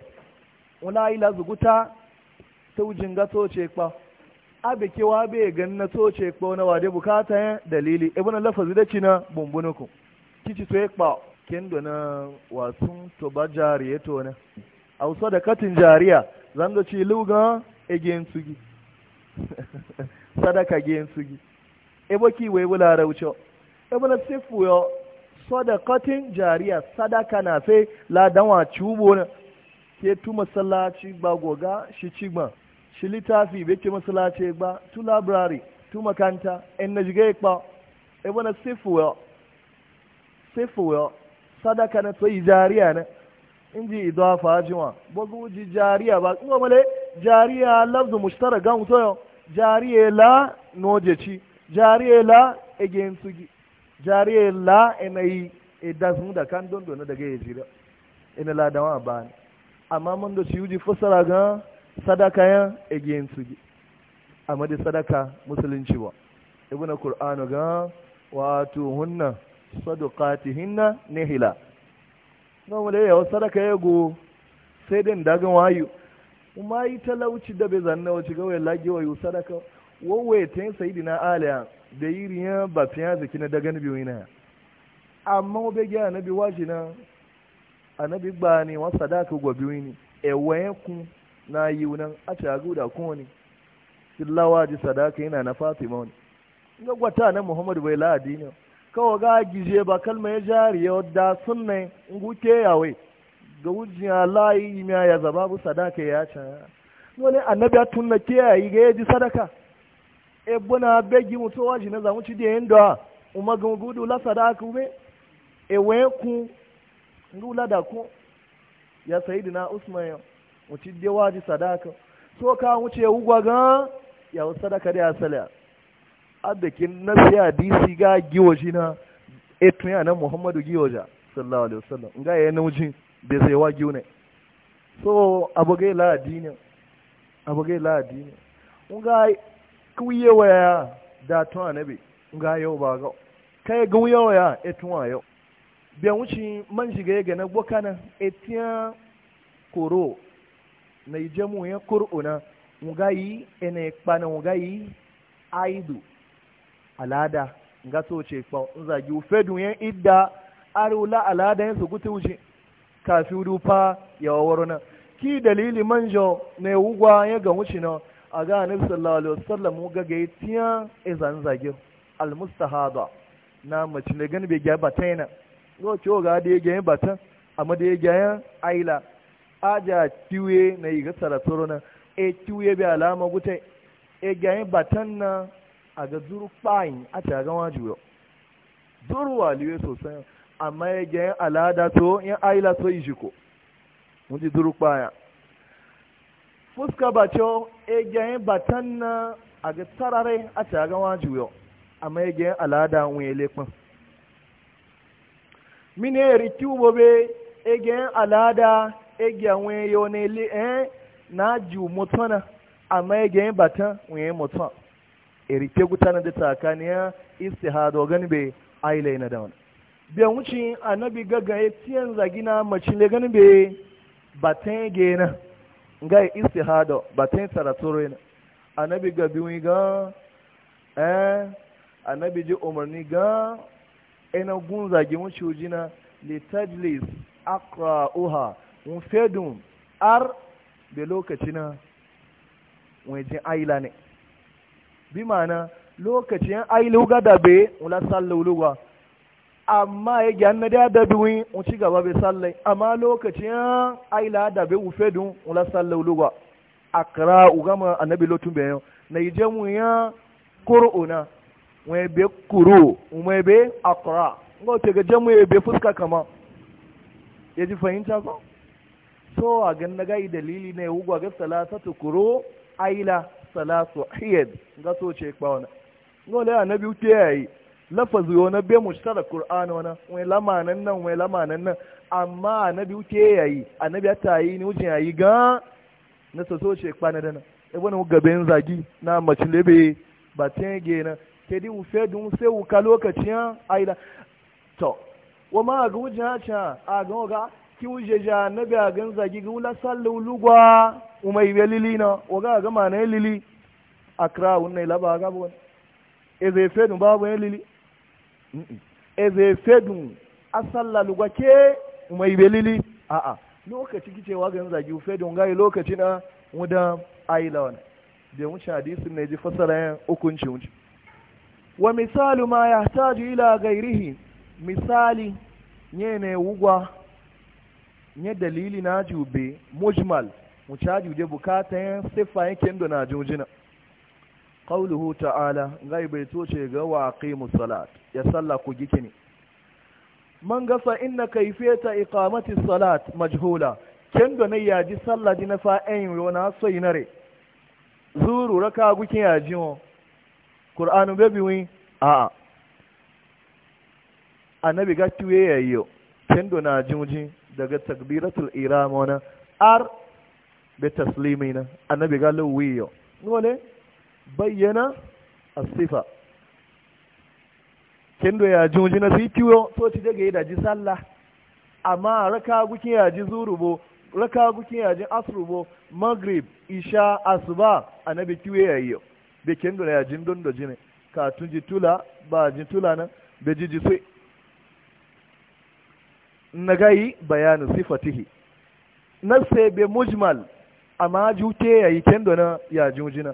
S1: wala ila zuguta taujin ga to ce pa abe ke wa be gan na to ce pa e na wade bukata dalili ibn lafazi da cina bumbunuku kici to pa kendo na wasun to bajariye to na au sadakatin jariya zan do ci luga egen sugi sadaka gen sugi ebo kiwe wula raucho ebo na sifu yo sadaqatin jariya sadaka na fe la danwa chubo na ke tu masallaci ba goga shi cigba shi littafi be ke masallaci ba tu library tu makanta en na jige ba ebo na sifu yo sifu yo sadaka na toyi jariya na inji idafa ajwa bogu ji jariya ba ngomale jariya lafzu mushtarakan to yo jariya la noje ci jariye la egen sugi jariye la enayi idasun da kan dondo na daga yajira ina ladawa ba ne amma mun da ciwuji fasara ga sadaka ya egen sugi amma da sadaka musulunci ba ibnu qur'anu ga wato hunna sadaqatihinna nihila nomu wala yawa sadaka ya go sai din daga wayu kuma yi talauci da bai zanna wace gawai lagewa yi sadaka wowe ta yin na aliya da yi riya ba fiya zaki na daga biyu na amma wabe gya nabi waji na anabi gba ne wa sadaka gwa biyu ne ewaye ku na yi wunan a cagu da kuma ne tilawa ji sadaka yana na fatima wani ga gwata na muhammadu bai la'adi ne kawai ga gije ba kalma ya jari ya wadda sunne ne nguke yawe ga wujiya layi imiya ya zaba bu sadaka ya can wani annabi ya tunna kiyaye ga ya ji sadaka ebona bona begi mutuwa shi na zamuci da yin la sadaka be e wen ku ndula da ku ya sayidina usman ya mutu da waji sadaka so ka wuce ugwa gaa ya wasu sadaka da asala abekin nasi adisi ga giwoji na etu ya na muhammadu giwoja sallallahu wa sallam nga ya nauji na sai wa giwo so abugai la adini abugai la adini nga kuye waya da tun anabi ga yau ba ga kai ga wuya waya etun yau biyan wuce man shiga ya na gwakana etiya koro na ijemu ya kur'una ngayi ene kpana ngayi aidu alada nga so ce kpa nzagi ufedu ya idda arula alada ya su gutu wuce kafi ya yawa na ki dalili manjo na ya wugwa ya ga wuce na a ga annabi sallallahu alaihi wasallam mu ga gai tiya e zan zage al mustahaba na mace ne gani bai ga bataina go ciwo ga da ga yin batan amma da ga yin aila aja tiwe na yi ga saratoro na e tiwe bai alama gutai e ga yin batan na a ga zuru fayin a ta ga wajuyo zuru waliwe sosai amma ya ga alada to yin aila to yi jiko mun ji zuru fayin fuska ba e egeyen e batan na a ga tsarare e e a ta ga waju yau amma egeyen alada wuye lekun mini eri tubo be egeyen alada egeyen wuye yau ne le eh na ju mutuna amma e egeyen batan wuye mutuna eri ke gutana da takaniya istihado gani be aile na da wani bai wuce annabi gaga ya tiyan zagina mace le gani be batan gena ngai isi istihada batin tarature annabi ga biwi ga eh annabi ji umarni ga ina gun zagi mun shujina li tajlis aqra'uha mun fedun ar da lokacin wajen aila ne bi ma'ana lokacin ailu gada be wula sallu luwa amma ya na da da duwi un ci gaba bai sallai amma lokacin aila da bai ufe dun ula sallau lugwa akra ugama annabi lotun bayan na yi jamu ya qur'una wai be kuro mai be akra ngo te ga jamu ya be fuska kama ya ji fahimta ko so a gan na gai dalili ne ugwa ga salasatu kuro aila salasu hiyad ga so ce kwa wannan ngo le annabi uke yayi lafazu yo na bai mushtara qur'ani wana wai lamanan nan wai lamanan nan amma annabi uke yayi biya ta yi ni wuce yayi ga na soso ce kwana dana e wani yin zagi na mace lebe ba tenge na ke di u fe dun se u ka lokacin aida to wa ma ga wuce ha a ga ga ki wuje ja na a gan zagi ga wula sallu lugwa umai belili na wa ga ga ma na lili akra unne laba ga bon e zai fe dun babu lili eze fedun asalla lugwake mai belili a'a lokaci kicewa ga zagi fedun gai lokaci na muda aila wani da wuce hadisin ne ji fasara hukunci wuce wa misali ma yahtaju ila gairihi misali nye ne wugwa nye dalili na jube mujmal mucaji de bukata ya sifa yankin da na jujina qawluhu ta'ala gai bai toce ga wa aqimus ya salla ku gike ne man gasa inna kaifiyata iqamati salat majhula ken do ne ya ji salla ji na fa en yo na so zuru raka guke ya ji o qur'anu be biwi a a annabi ga tuwe ya yo ken do na jinji daga takbiratul ihram wana ar bi taslimina annabi ga lawiyo nole bayyana Asifa. sifa kendo ya junji na sai kiwo so ti daga yi ji sallah amma raka gukin ya ji zurubo raka gukin ya ji asrubo maghrib isha asuba na kiwo ya yi be kendo ya jin dondo jine ka tunji tula ba jin tula na be ji sai nagayi bayanu sifatihi na sai be mujmal amma jute ya yi kendo na ya junjina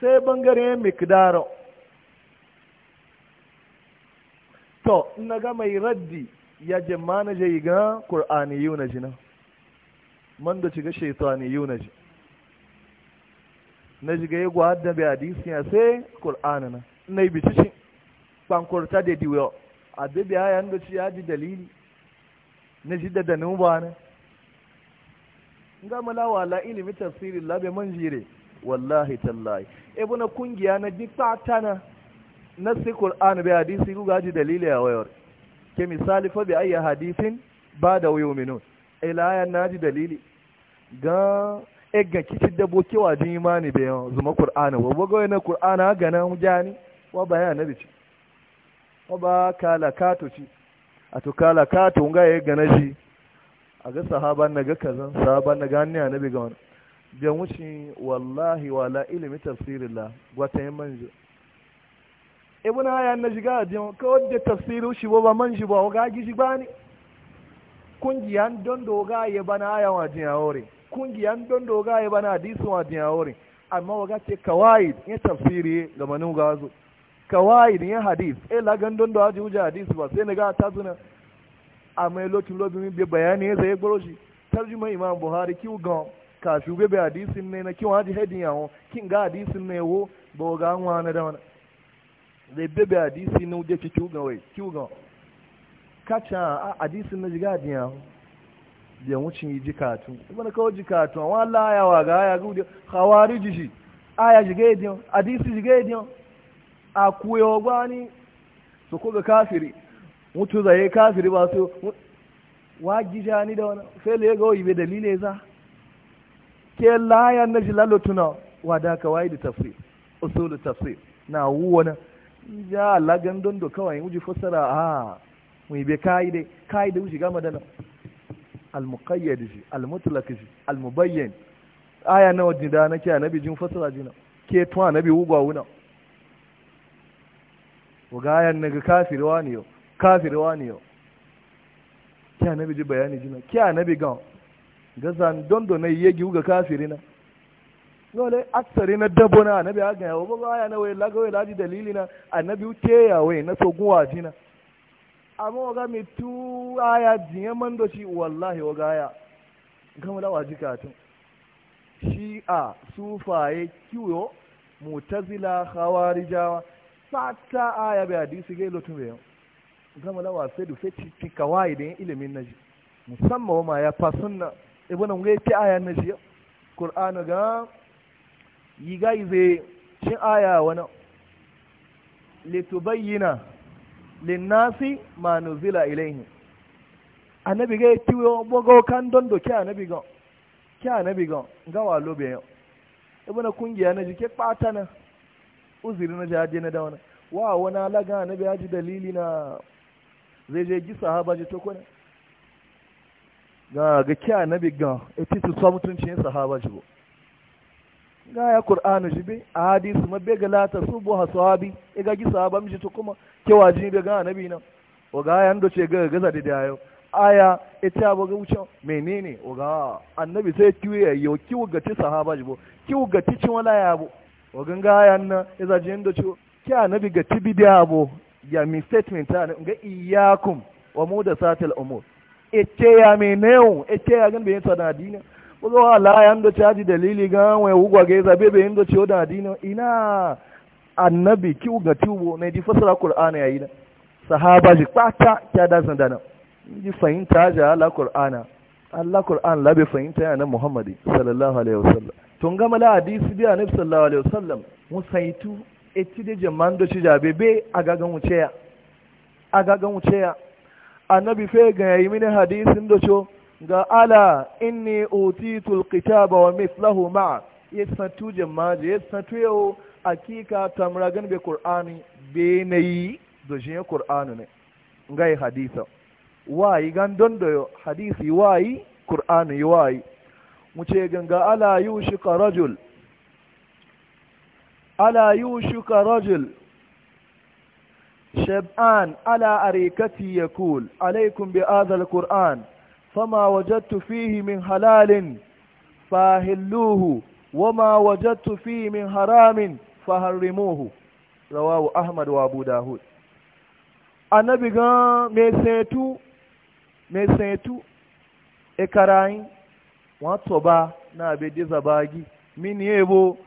S1: sai bangare mikdaro to na ga mai raddi ya je mana je ga qur'ani yuna jina man da ci ga shaytani yuna ji na ji ga ya gwa da bi hadisi ya sai qur'ani na nai bi ci bankurta da diwo a da bi da ci ya ji dalili na ji da danu ba ne ga malawa la ilimi tafsirin labe man jire wallahi tallahi ebuna kungiya na ji tana nasi Qur'an bi hadisi ku gaji dalili ya wayar ke misali fa bi ayi hadisin ba da mino ila ya naji dalili ga egga kici da bokewa din imani be zuma Qur'an wa bogo na Qur'ana ga nan mujani wa bayana ci wa ba kala kato ci a to kala kato ga ya ga naji a ga sahaban na ga kazan sahaban na ga annabi ga wannan jamushi wallahi wala ilimi tafsirillah gwata yin manjo ibn haya na shiga a jiyan kawai da tafsirin shi ba man shi ba ga gishi ba ne kungiyan don doga ya bana aya wa jiya wore kungiyan don doga ya bana hadisi wa jiya wore amma waga ce kawai ya tafsiri ga manu ga zo kawai ya hadis eh lagan don da haji wuja hadisi ba sai na ga ta zuna a mai e lokin lobin bi bayani ya e zai gboro shi tarjuma imam buhari kiw ga kafi be hadisin ne na kiw haji hedin yawo kin ga hadisin ne wo ba ga an wa na da wannan zai bebe hadisi na wuje ci kyugan wai kyugan kacha hadisi na jiga diya da wucin yi jikatu na kawo jikatu wa la ya wa ga ya gudu khawariji shi aya jiga diya hadisi jiga diya a ya gwani su ko kafiri mutu zaye kafiri ba su wa ni da wani fele ya gawo ibe dalile za ke layan na jilalotuna tuna wa da kawai da tafsir usulu tafsir na wuwa na ya lagan dondo kawai wuji fassara a mai bai ka'ide ka'ide wuji gama da al-muqayyad shi al-mutlaq shi al mubayyin aya na wajin da nake nabi jin fassara jina ke to nabi wugwa wuna waga ayan naga kafirwa ne yo kafirwa ne yo ke nabi ji bayani jina ke nabi ga gazan dondo na yegi wuga kafirina ngole asari na dabo na annabi aga yawo ba ya na wai laga wai laji dalili na annabi uce ya wai na sogun waji na amma waga mi tu aya jiyan man do shi wallahi waga ya gama da waji katun a sufaye kiwo mutazila khawarijawa sata aya bai hadisi ga lotun bai gama da wasai du feti tikawai da ilimin naji musamman ma ya fasunna ibn ngai ta aya naji qur'anu ga yi gai zai shi aya wani litubayyina linnasi ma nuzila ilaihi annabi ga kiwo bogo kan don do ke annabi ga ke annabi ga ga wa lobe yau ibn kungiya na jike pata na uzuri na jaje na da wani wa wani laga annabi ya ji dalili na zai je ji sahaba ji to na? ga ga ke annabi ga ita su sa mutuncin sahaba ji bo ga ya qur'anu shi be ahadisu mabbe galata ha sawabi e ga gisa ba mji to kuma ke waji be ga annabi na o ga do ce ga gaza da yo aya ita ba ga wuce menene o ga annabi sai kiwe yo kiwo ga ti sahaba jibo kiwo ga ti cin wala yabo o ga ga yan na e za je ndo ciwo ke annabi ga ti da bo ya mi statement ta ga iyakum wa mudasatil umur ete ya meneo ete ya gan be sanadina kuzo ala ya ndo caji dalili ga wai hugwa ga zabe be ndo ciwo da dino ina annabi ki uga tubo na di fasara ya yi da sahaba ji kwata kya da san dana ji fahimta ja ala qur'ana Allah Qur'an labe fahimta na Muhammad sallallahu alaihi wasallam tun gama la hadisi bi annabi sallallahu alaihi wasallam musaitu eti de jaman do ci jabe be agagan aga ga wuceya annabi fe ga yi mini hadisin do cho ga ala inni utitul kitaba wa mithlahu ma yasatu jama'a yasatu yau akika tamragan be qur'ani be nayi dojin qur'ani ne ngai hadisa wayi gan don dondo hadisi wayi qur'ani wayi ce ganga ala yushika rajul ala yushika rajul shab'an ala arikati kul alaikum bi azal alquran fama وجدت فيه من حلال فاهلوه وما وجدت فيه من حرام فحرموه رواه أحمد وأبو داود annabi ga mai saitu mai saitu e karayi wato ba na abedi zabagi mini yebo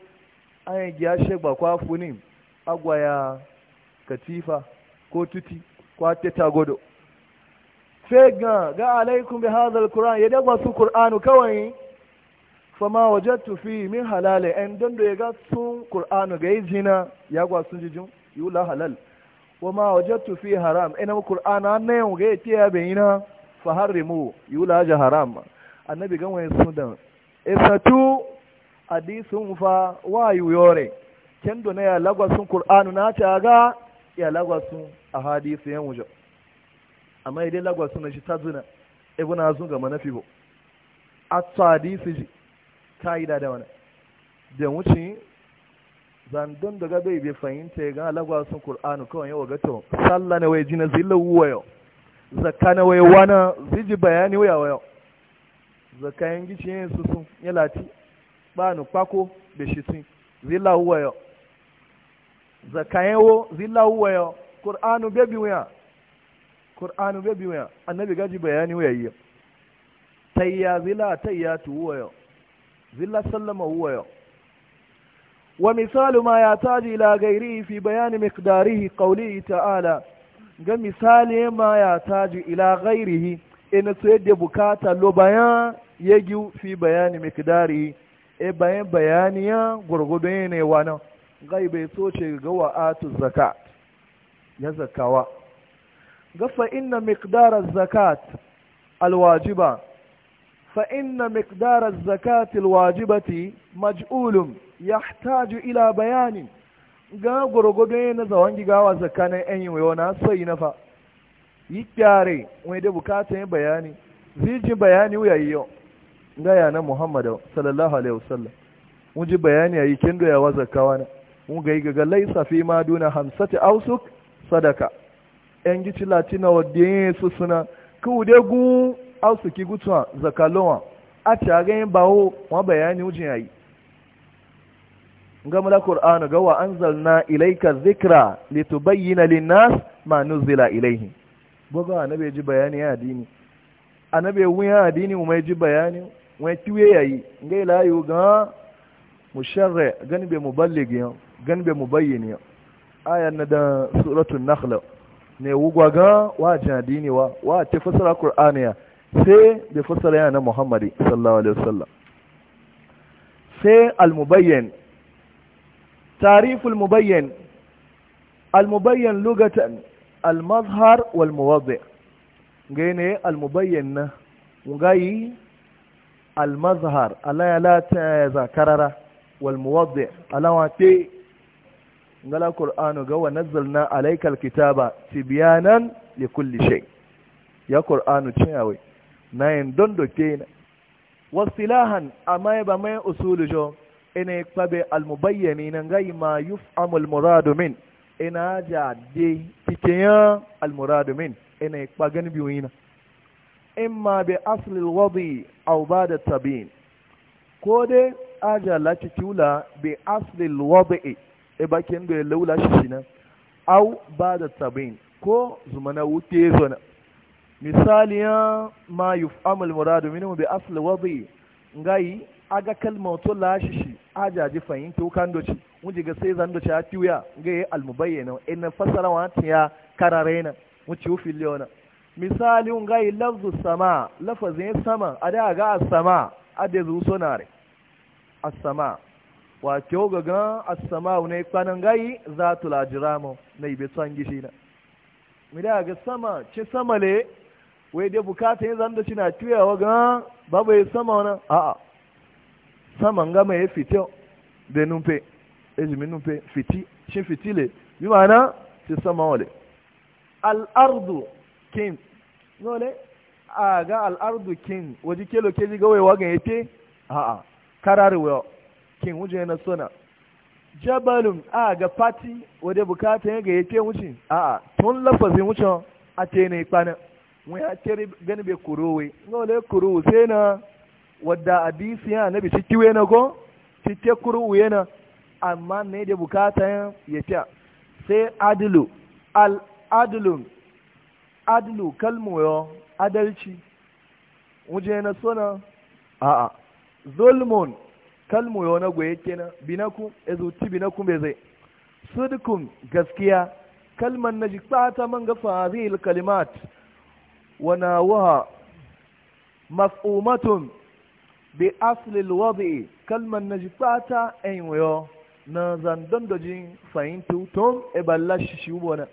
S1: an yi giya shegba kwa funin agwaya katifa ko tuti kwa teta godo fega ga alaikum bi hadha alquran ya dagwa su qur'anu kawai fama wajadtu fi min halal en dondo ya ga sun qur'anu ga izina ya gwa sun jijin yula halal wa ma wajadtu fi haram ina qur'ana ne ga tiya bayina fa harimu yula ja haram annabi gan wai sun dan isatu hadisun fa wa yore kendo ne ya lagwa sun qur'anu na ta ga ya lagwa sun ahadisi yan amma idan lagos suna shi ta zuna ibu na zunga manafi bo a tsadi su ji ta yi da wani da wuce zandun daga bai bai fahimta ya gana lagos sun kur'anu kawai ga gato sallah na waje na zilla wuwa yau zaka na wai wana ziji bayani wuya wa yau zaka yin gici yin su sun yi lati ba nu kwako da shi sun zilla wuwa yau zaka yin wo zilla wuwa yau kur'anu bebi wuya Kur'anu bai bi waya annabi gaji bayani waya yi tayya zila tayya tu waya zila sallama waya wa misalu ma ya taji ila gairi fi bayani miqdarihi qawli ta'ala ga misali ma ya taji ila gairihi in su yadda bukata lo bayan yagi fi bayani miqdarihi e bayan bayaniya gurgudun ne wannan gaibe so ce ga wa'atu zakat ya zakawa gafa inna miqdarar zakat alwajiba fa inna miqdarar zakat alwajibati maj'ulun yahtaju ila bayanin ga gwargwado ya na zawon gigawa zakanin yan yi wayona sai na fa yi kyare wani da bukata yin bayani zijin bayani wuya yi yau gaya na muhammadu sallallahu alaihi wasallam mun ji bayani a yi kin doyawa zakawa na mun ga yi gaga laisa fi ma duna hamsati ausuk sadaka yan gici latina wadda yin su suna ka dai gun ki gutuwa zakalowa a tare yin bawo wa bayani wujin yayi ga mala qur'ana ga wa anzalna ilayka dhikra litubayyana lin-nas ma nuzila ilayhim boga annabi ji bayani ya dini annabi wuya dini mu mai ji bayani wai tuye yayi ngai la yu ga musharra ganbe muballigh ganbe mubayyin aya na da suratul nakhla ne wugwa ga wa jadini wa wa ta fasara qur'ani ya sai da fasara yana muhammadi sallallahu alaihi wasallam sai al mubayyin tariful mubayyin al mubayyin lugatan al-mazhar wal muwaddi ne al mubayyin na ngai al-mazhar ala ya la ta zakarara wal muwaddi ala wa ngala qur'anu ga wa nazzalna alaykal kitaba tibyanan li kulli shay ya qur'anu cewa nayin dondo doke wasilahan amma ba mai usulu jo ene kabe almubayyani nan ma yufhamu almuradu min ina ja de kitiya almuradu min ina kwagan biwina imma bi asli alwadi aw ba'da tabin ko dai aja la titula bi asli alwadi e bakin da ya laula shi shi nan au ba da tabin ko zuma zumana wuce zona misali ya ma amul muradu minhu bi asl wadi ngai aga kalma to la shi shi ajaji fahimta kan doci wuje ga sai zan ci a tiya ngai al mubayyana e in fasara wa tiya kararena wuce ufi leona misali ngai lafzu sama lafazin sama ada ga sama ade zu sonare as-sama wato gaga as-sama'u ne kwanan gai lajira mu na ibe san gishi na mi da ga sama ci sama le wai dai bukata yin zanda na tuyawa ga babu ya sama wani a'a sama ga mai ya fito da numfe ejimin numfe fiti shi e fiti le bi ma'ana ci sama wale al'ardu kin nole a ga al'ardu kin waje kelo keji ga wagan ya ce a'a karar wa. kin wuje na suna jabalun a ga fati wadda bukata ya ga yake wuce a tun lafazi wucin a te ne kwana wani a ce gani bai kurowe wale kuru sai na wadda hadisi ya nabi cikiwe na go cike kuruwe yana amma ne da bukata ya ce sai adilu al adilun adilu kalmoyo adalci wuje na suna a'a zulmun kalmu yau na goye kenan ya zuci binakum bai zai sudukun gaskiya kalman na ta man ga fazil kalimat wa nawaha maf'umatun bi asli alwadi kalman na jikpata enwayo na zandon jin fahimtu tun eballa shi wani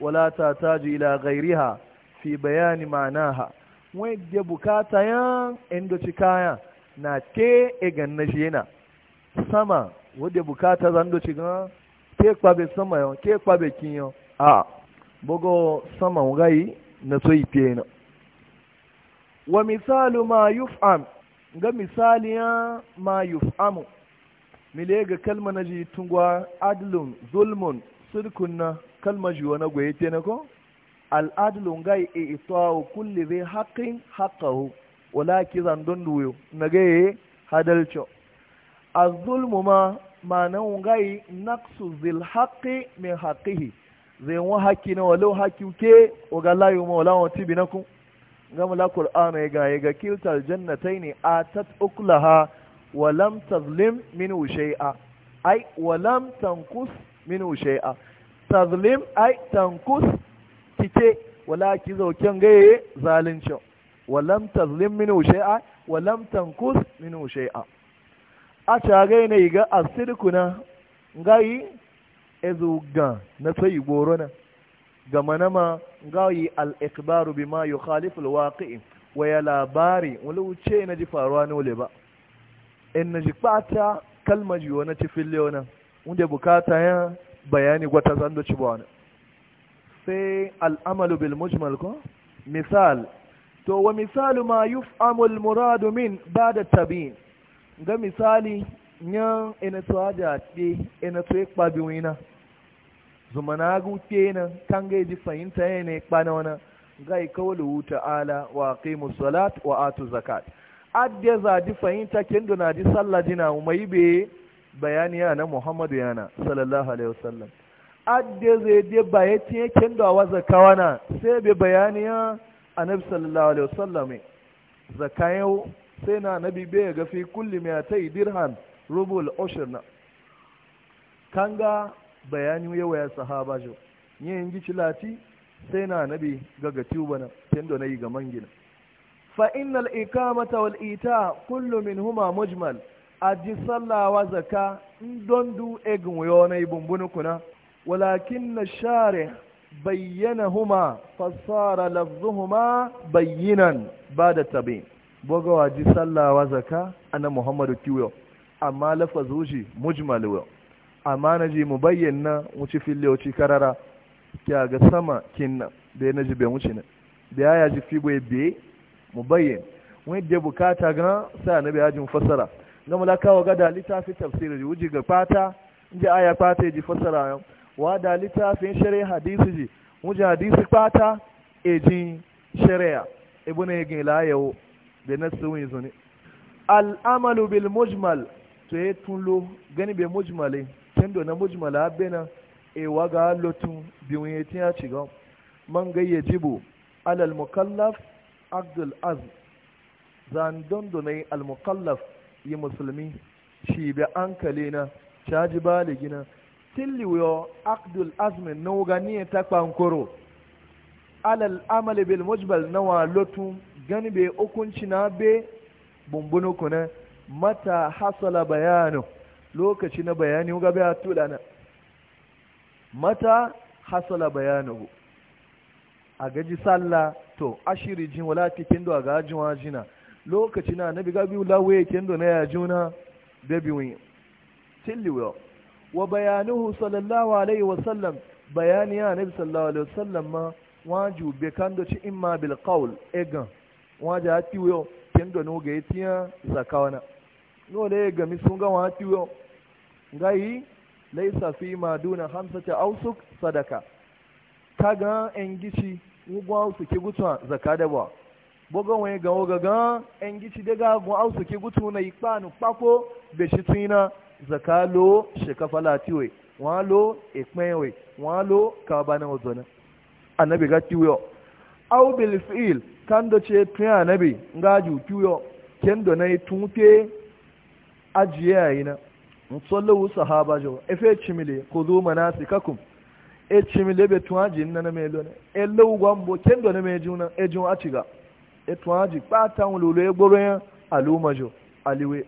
S1: wala ta taji ila gairiha fi bayani ma'anaha wai da bukata yan indoci kayan na ke egan na jena sama wadda bukata zando ci gan ke kwabe sama yau ke kwabe kin yau a bugo sama ngai na so ipe na wa misalu ma yuf'am ga ya ma yuf'amu mile ga kalma na ji tungwa adlun zulmun sirkun na kalma ji wani gwaye te na ko al'adlun gai e itawo kulli zai haƙin haƙahu wala ki zandon duyo na gaye hadalcho azulmu ma manan gai naqsu zil haqqi min haqqihi zai wa haƙƙi na walau haƙƙi ke o ga ma wala wati binakum gama la qur'ana ya ga ga kiltal jannatayn atat uklaha wa lam tazlim min shay'a ai wa lam tanqus min shay'a tazlim ai tanqus kike wala ki zauken walam tazlim minhu shay'a walam tankus minhu shay'a a caga ne ga asirku na ngai ezuga na sai goro na gama nama ngai al ikbaru bima yukhalifu al Waya labari wala wuce na ji faruwa ne wale ba in na ji fata kalmar yiwo na ci filiyo na wanda bukata ya bayani gwata zando ci ba wani sai al'amalu bil mujmal misal to wa misali ma yuf'amul muradu min ba da tabi ga misali yan ina to aja pe ina to ikpa bi wina zuma na gu pe na kan ga ji fahimta yana ikpa na wana ga wuta ala wa aqimus salat wa atu zakat adda za ji fahimta Kendo na ji sallah dina umai be bayani yana muhammadu yana sallallahu alaihi wasallam adda zai de baye tiye Kendo a wa kawana sai be bayani yana annabi sallallahu alaihi wasallam zakayau sai na nabi bai ga fi kulli yi dirhan rubul ushurna kanga bayani yawa ya sahaba jo yin gici lati sai na nabi ga ga na tendo nayi ga mangina fa innal ikamata wal ita kullu huma mujmal aji sallawa zaka ndondu egun yo na ibumbunu kuna walakin na share bayyanahuma fassara lafzuhuma bayyinan ba da tabi bugawa ji sallawa zaka ana muhammadu kiwo amma lafazu shi mujmal wa amma naji mu bayyana wuce fille wuce karara kya ga sama kinna da ya naji bai wuce ne da ya yaji fibo biye mu bayyana wani da bukata ga sa na bai yaji fassara ga mulaka wa ga da littafi tafsiri wuji ga fata inda aya fata ji fassara yau wa da littafin shari'a hadisi ji wuce hadisi fata ejin shari'a na yagin layawo da na suwin zuni al'amalu bil mujmal to ya tunlo gani bai kendo na mujmala abena e waga lotun biyun ya tiya ciga man gayya jibo alal mukallaf abdul az zan dondo na al mukallaf yi musulmi shi bi an na caji baligina tilli wuyo aqdul azmin na wugani ta kpankoro alal amali bil mujbal na wa lotu gani be hukunci na be bumbunu kuna mata hasala bayanu lokaci na bayani wuga be atula na mata hasala bayanu a gaji sallah to ashiri jin wala ti do ga jinwa jina lokaci na nabi gabi lawe kendo na ya juna da biwin tilli wuyo. wa bayanuhu sallallahu alaihi wasallam bayani ya nabi sallallahu alaihi wasallam ma waju be kando ci imma bil qawl egan waja tiwo kendo no ga yitiya zakawana no le ga mi sunga wa tiwo ngai laysa fi ma duna khamsati awsuk sadaka kaga engici awsu ke gutwa zakada ba boga wani ga de ga daga awsu ke gutu na ipanu pako be shi tuna zaka lo shekafala we wọn lo we wọn lo kabana na anabi ga tiwo aw bil fi'il do ce tun anabi nga ju tiwo kendo tun te ajiye ayina musallu sahaba jo efe chimile khudhu manasikakum e chimile be tun aji na me na e lo gwambo kendo na me na e jun aciga e tun aji patan lulu e gboro yan aluma jo aliwe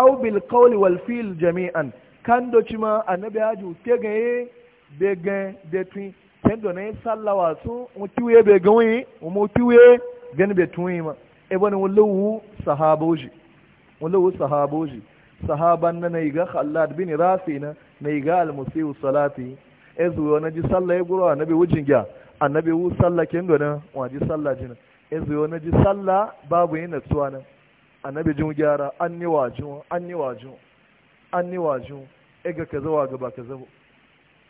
S1: aw bil qawli wal fi'l jami'an kan do cima annabi haju ke gaye be gan de tun ken do ne sallawa su mutiwe be gawi mutiwe gan be tun ma e bani wallahu sahaboji wallahu sahaboji sahaban na nayi ga Khallad bin Rafi na nayi ga al-Musiu salati e zuwa na ji sallah ya annabi wujin gya annabi wu sallah ken do na waji sallah jina e zuwa na ji sallah babu yin natsuwa na annabi jin gyara an ni wajin an ni wajin an ni wajin e ga kaza wa gaba kaza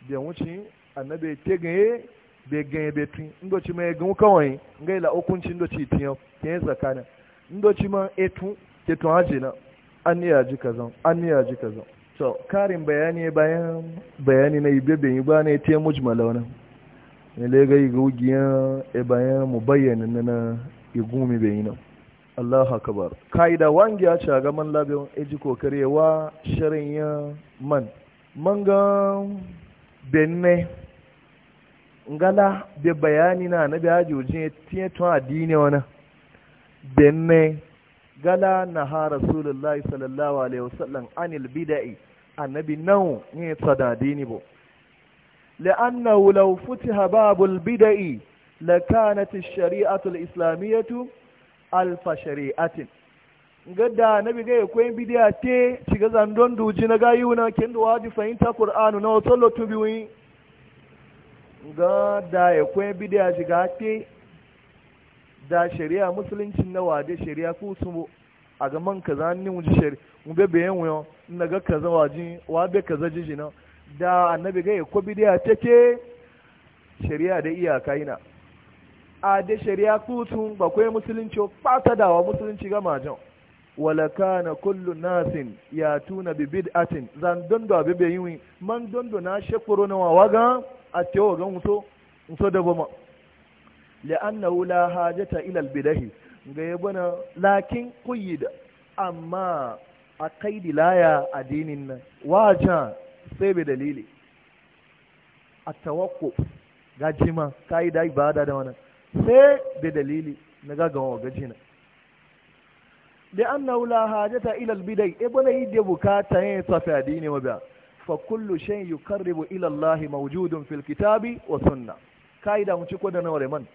S1: da wuce annabi te gaye be gaye be tun ndo ci mai gan kawai ngai la hukunci ndo ci tiyo ke zakana ndo ci ma etu ke to haje na an ni yaji kaza an ni yaji kaza to karin bayani bayan bayani na ibebe yi ba ne te mujmala wannan ne le ga yi gugiya e bayan mu bayyana na igumi bayina Allah akabar ka'ida wangiya ce ci a gaman labin eji kokarewa shirin ya man manga benne ngala be bayani na na biya jojin tiye tun adini wani benne gala na ha rasulullahi sallallahu alaihi wasallam anil bida'i annabi nawa ne tsada addini bo لأنه لو فتح باب البدع لكانت الشريعة الإسلامية alfa shari'atin gadda nabi ga ya koyin bidiya te shiga zandon duji na gayu na kin da waji fahimta qur'anu na wato lotu biwi ga da ya koyin bidiya shiga te da shari'a musulunci na wade shari'a ku su a ga man kaza ni mu ji shari'a mu be be yan wayo na ga kaza waji wa be kaza jiji na da annabi ga ya ko bidiya te shari'a da iyaka ina a da shari'a tutun ba kwai musulunci fata da wa musulunci ga majan wala kana kullu nasin ya tuna bi bid'atin zan dondo be yiwi man dondo na shekuro na waga a tewa ga muso da boma li'annahu la hajata ila al-bidahi ga yabana lakin da. amma a kaidi laya addinin nan wajen sai bai dalili a tawakko ga jima ka da ibada da wannan sai da dalili na gagawa gaji na da an naula hajjata ilal bidai ibina e yi da bukata yin tafi addini biya fa kullu shan yukarribu ila Allah mawjudun fil kitabi wa sunna kaida mu ci kodan nore man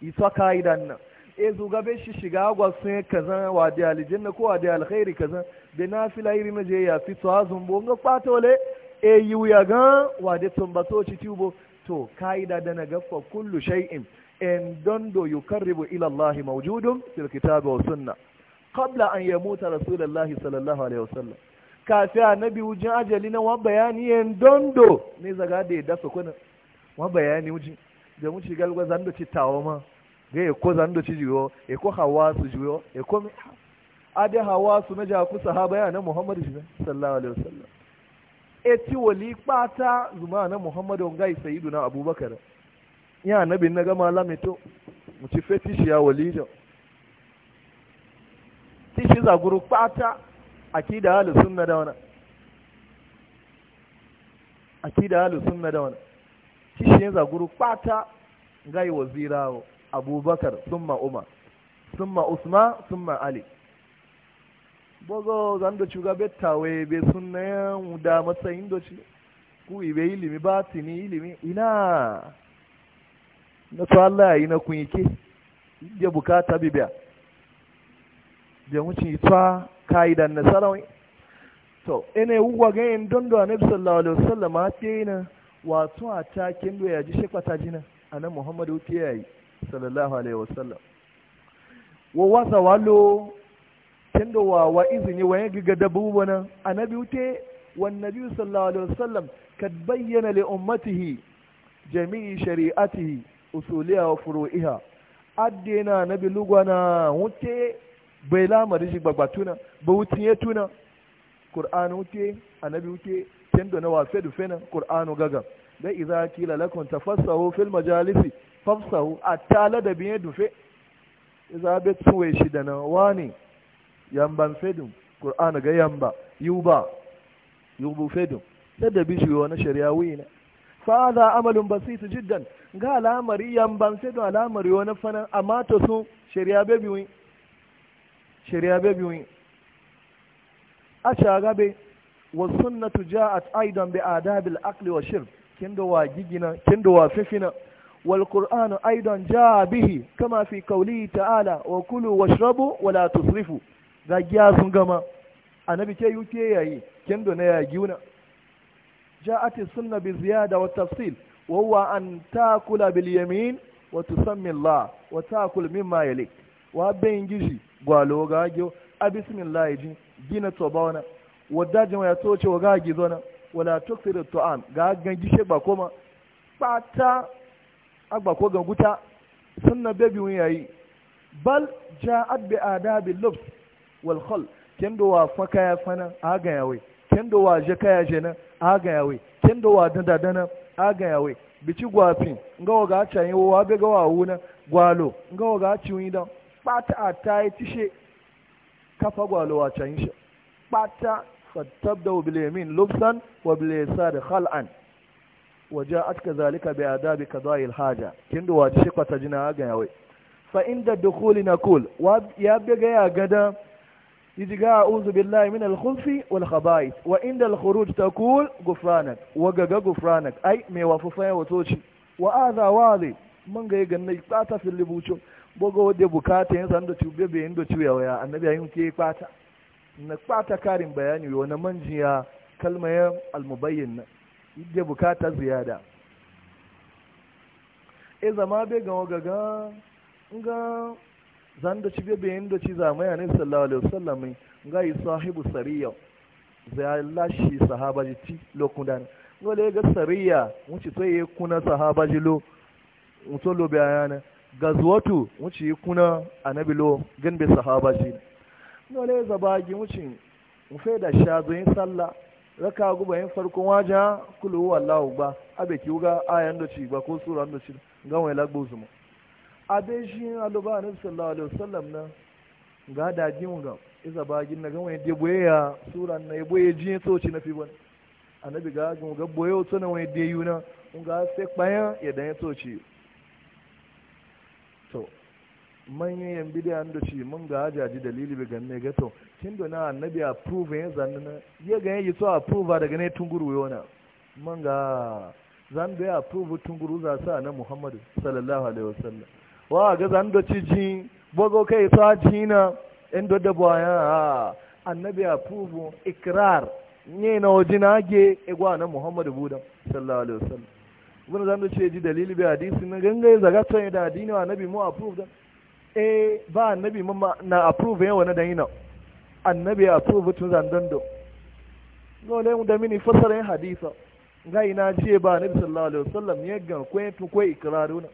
S1: isa kaida nan e zuga gabe shi shiga gwa kaza wa da aljanna ko wa da alkhairi kaza da na fi iri na je ya fi tsazun bo ga patole e yi ya ga wa da tumbato ci tubo to kaida da na ga fa kullu shay'in in dondo yukarribu ilallahi maujudun? mawjudun fil kitabi wa sunna qabla an yamuta rasulullahi sallallahu alaihi wasallam kafi annabi wujin ajali na wa bayani in dondo ne zaga da da su kuna wa bayani wujin da mu ci galgwa zando ci tawo ma ga e ko zando ci jiwo e ko hawa su jiwo e ko ade hawa su na ja ku sahaba ya na muhammadu sallallahu alaihi wasallam e ti wali pata zuma na muhammadu ngai sayyiduna abubakar ya nabi na gama lamito mu ci fetishi ya walijo tishi za guru kwata akida halu dauna da wana akida halu sunna da wana tishi ya za guru kwata gai wazirawo abubakar summa umar summa usman summa ali bogo zan da cuga bettawe be sunna da matsayin doci ku ibe ilimi ba batini ilimi ina na to Allah ya yi na kun yake ya bukata bibiya da ci ta kaidan na sarawai to ene wuwa ga yin dondo annabi sallallahu alaihi wasallam a tena wato a takin do ya ji shekwata jina anan muhammadu ke yi sallallahu alaihi wasallam wa wasa walo tendo wa wa izini wa yin giga dabu wana annabi ute wan nabi sallallahu alaihi wasallam kad bayyana li ummatihi jami'i shari'atihi usuliya wa furu'iha addena na bilugwana wuce bai lamari shi gbagbatuna ba wutin ya tuna ƙur'anu wuce annabi wuce tendo na wafe dufe na ƙur'anu gaga da iza kila lakon ta fassahu fil majalisi fafsahu a tala da biye dufe iza bai tsuwe shi da na wani yamban fedun ƙur'anu ga yamba yuba yubu fedun da da bishiyo na shari'a wuyi na fada amalin basisu jiddan ga al'amari yan ban sai da al'amari wani fana amma to su shari'a bebi wani shari'a bebi wani a shagabe wa sunnatu ja'at aidan bi adabil aqli wa shirk kin da wa gigina kin da wa fifina wal qur'anu aidan ja'a bihi kama fi qawli ta'ala wa kulu washrabu wa la tusrifu ga giya sun gama annabi ke yuke yayi kin da na yagiuna جاءت السنة بزيادة والتفصيل وهو أن تأكل باليمين وتسمي الله وتأكل مما يليك وابين جيجي قالوا وقاجوا بسم الله يجي جينا توبانا وداجن ويتوشي وغاجي ذونا ولا تكثر الطعام غاجن جيشي باكوما فاتا أكبر كوغن غوتا سنة بيبي وياي بل جاءت بآداب اللبس والخل كندوا فكايا فنا kaya fana كندوا yawe جنا aga yawe kin do wadan dadana aga yawe gwafin nga wa ga cha yiwo wa bega wa wuna gwalo nga wa ga ci wi dan pata atai tishe kafa gwalo wa cha yisha pata fatabda bil yamin lubsan wa bil yasar khal'an wa ja'at kadhalika bi adabi qada'i al haja kin do wa tishe kwata jina aga yawe fa inda dukhulina kul wa ya bega ya gadan يجي أعوذ بالله من الخبث والخبائث وعند الخروج تقول غفرانك وغغ غفرانك أي ميواففين وتوشي وآذا واضي من غير غنى يقاطع في اللي بوشو bogo wadda bukata yin san da cube bai yin da cuya waya annabi yayin ke kwata na kwata karin bayani na manjiya kalmayar almubayyin na yadda bukata ziyada e zama bai ga ga zan da cibiyar bayan da ci zamaya ne sallallahu alaihi wasallam ga yi sahibu sariya zai lashi sahaba ji ti lokudan gole ga sariya wuce to yi kuna sahabaji lo mutu lo bayana ga zuwatu wuce yi kuna anabi lo gan be sahaba ji gole zaba gi wuce mu fe da sha yin sallah raka guba yin farkon waja kulu wallahu ba abe ki ga ayan da ci ba ko sura da ci ga wai lagbo zuma abin shi aluba a nufisar lalai wasallam na ga mu ga iza bagin na gama yadda boye ya sura na ya boye yin soci na fi a nabi ga gama ga boye wata na wani da yuna un ga sai bayan ya dan soci to manyan yan bidiya da shi mun ga ajaji dalili bi ganne ga to kin da na annabi prove ya zanna na ya ga yi so prove daga ne tunguru yona mun ga zan da ya prove tunguru za sa na muhammadu sallallahu alaihi wasallam wa ga zan do ci ji bogo kai sa ji na in do da boya annabi a fubu ikrar ne na waje na ge igwa e na muhammadu buda sallallahu alaihi wasallam wani zan do ci ji dalili bi hadisi na gangaye zaga tsaye da addini wa annabi mu approve eh ba annabi mu na approve yawa na na annabi ya approve tun zandando dole mu da mini fasara hadisa ga ina ji ba annabi sallallahu alaihi wasallam ya ga ko to ko ikraruna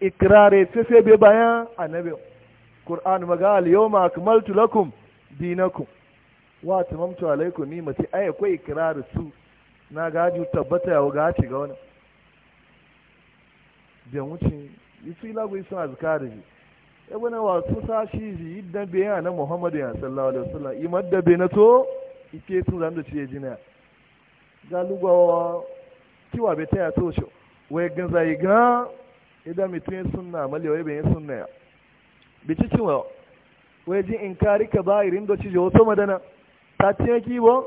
S1: ikrare sai bai bayan annabi qur'an maga al yawma akmaltu lakum dinakum wa tamamtu alaykum mace ai akwai ikraru su na gaju tabbata ya ga ci ga wani da wuce isi lagu isa azkari ibn wa wasu sashi ji idan bai yana na muhammadu ya da alaihi wasallam imadda bai na to ike su zan da ciye jina galugawa kiwa bai ta ya to shi wai gan zai gan idan mutum ya sunna mali wai bayan sunna ya bici cewa wai ji in kari ka bayirin da ci jawo sama ta ci yaki ba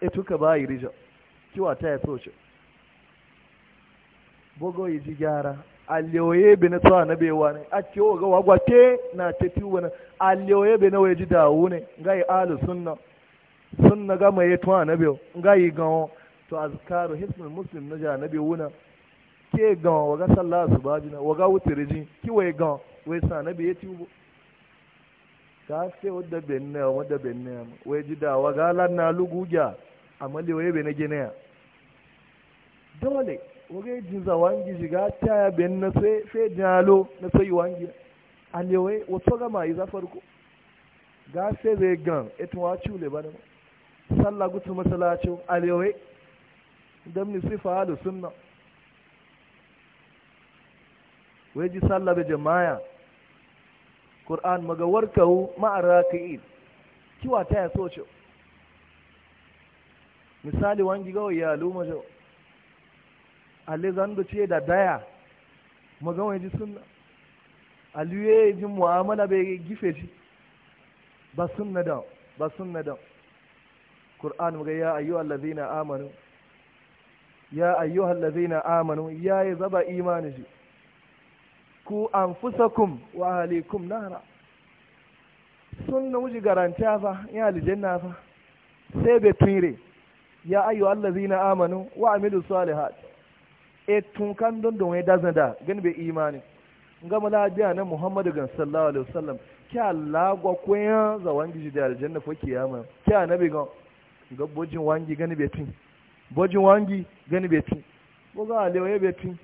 S1: e tuka bayiri ja kiwa ta ya soce bogo yi ji gyara aliyoye bi na tsawa na bewa ne a ce wa gawa gwate na ce tiwo na aliyoye bi na waje dawo ne ga yi alu sunna sunna ga mai tuwa na bewa ga yi gawo to azkaru hisnul muslim na ja na bewa ke gan wa ga sallah su ba jina waga da jin ki wai gan wai sa na biye tubo ka se da benne da benne wai ji da waga lan na luguja amali wai na gene dole waga ji za wangi ji ga ta ya benne sai sai jalo na sai wangi alewe wato ga mai za farko ga sai zai gan eto wa chule na sallah gutu masalacin alewe dan ni sifa halu sunna wai ji sallah bai jama'a ƙur'an magawar kawo ma'ara ka kiwa ta ya so ce misali wangi gawai ya luma jau alexander ce da daya magawai ji sunna aliyu ya ji mu'amala bai gife ba sunna da ba sunna da ƙur'an ga ya ayyu allazina amanu ya yi zaba imani shi ku an fusakum wa ahlikum nara na wuji garanta fa ya aljanna fa sai bai tunire ya Allah zina amanu wa amilu salihat e tun kan don don ya dazna da gani bai imani ngama la biya na muhammadu gan sallallahu alaihi wasallam kya lagwa koyan za wangi ji da aljanna fo kiyama kya nabi gan ga bojin wangi gani bai tun bojin wangi gani bai tun boga alewa bai tun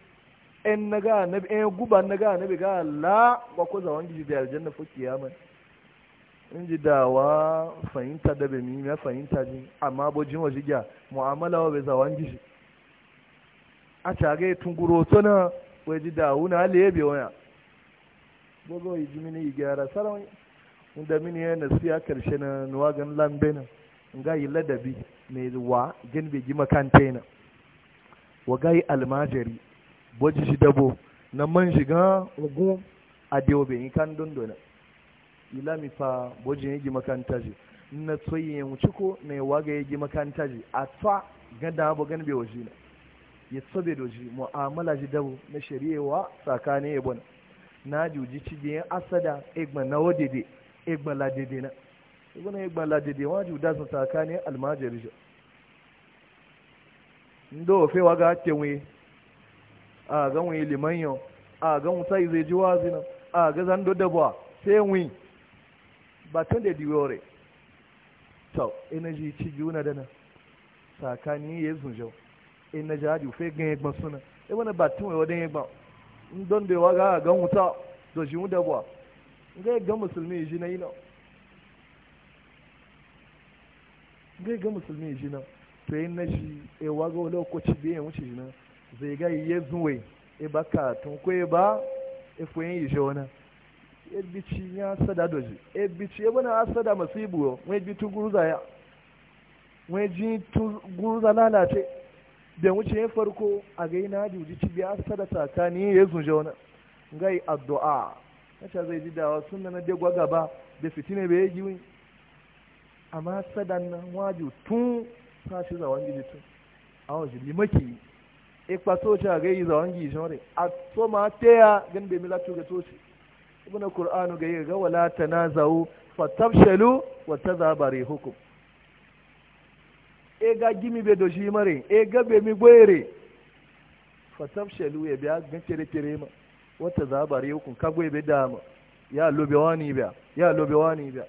S1: en naga annabi en guba naga annabi ga la ba ko zawan gidi da aljanna fu kiyama in ji dawa fahimta da be mi ya fahimta ji amma bo jin waje ga mu'amala wa be zawan gidi a tage tunguro tona wai ji dawu na be waya bogo yi ji mini gyara sarawai inda mini ya nasiya karshe na nuwagan lambena ga yi ladabi mai wa gin bai ji makantaina wa ga yi almajari boji shi dabo na man shiga ugu a da in bayan kan dondona ilami fa boji ne makanta ji na tsoyi ya wuce ko na yawa ga ya gi makanta ji a ta gada abu gan bai shi na ya tsobe doji mu'amala ji dabo na shari'ewa tsakanin ya bona na juji cibiyan asada egba na wadede egba ladede na ibn egba ladede wa juda sun tsakanin almajiri ndo fewa waga tewe a gan wani liman yau a gan wuta zai ji wazi nan a ga zan do da ba sai wi ba tun da diwore to energy ci juna da nan sakani ya jau in na jadi fe gan ya gban suna e wani ba tun wa dan ya gban in don da wa ga gan wuta da shi mu da ba ga gan musulmi ji na yi nan ga gan musulmi ji nan to yi na shi ya e wa ga lokaci biyan wuce ji nan zai ga ya zuwe e ba ka tun kwe ba e fwe yi jona e bici ya sada doji e bici e bana asada masibu yo wai bi tu guruza ya wai ji tu guruza lalace da wuce ya farko a ga ina da wuce biya asada tsakani ya zun jona ngai addu'a kacha zai ji dawa sunna na dagwa gaba da fitine bai yi wani amma sadan nan waju tun sashi zawon gidi tun awon jili maki ikpa toci a gayi zawon gijin rai a soma teya gan bai mila tuga toci ibn qur'anu gai ga wala tanazau fatafshalu wa tazabari hukum e ga gimi be doshi shi mare e ga bai mi goyere fatafshalu ya biya gan tere tere ma wa tazabari hukum ka goye bai dama ya lobe wani biya ya lobe wani biya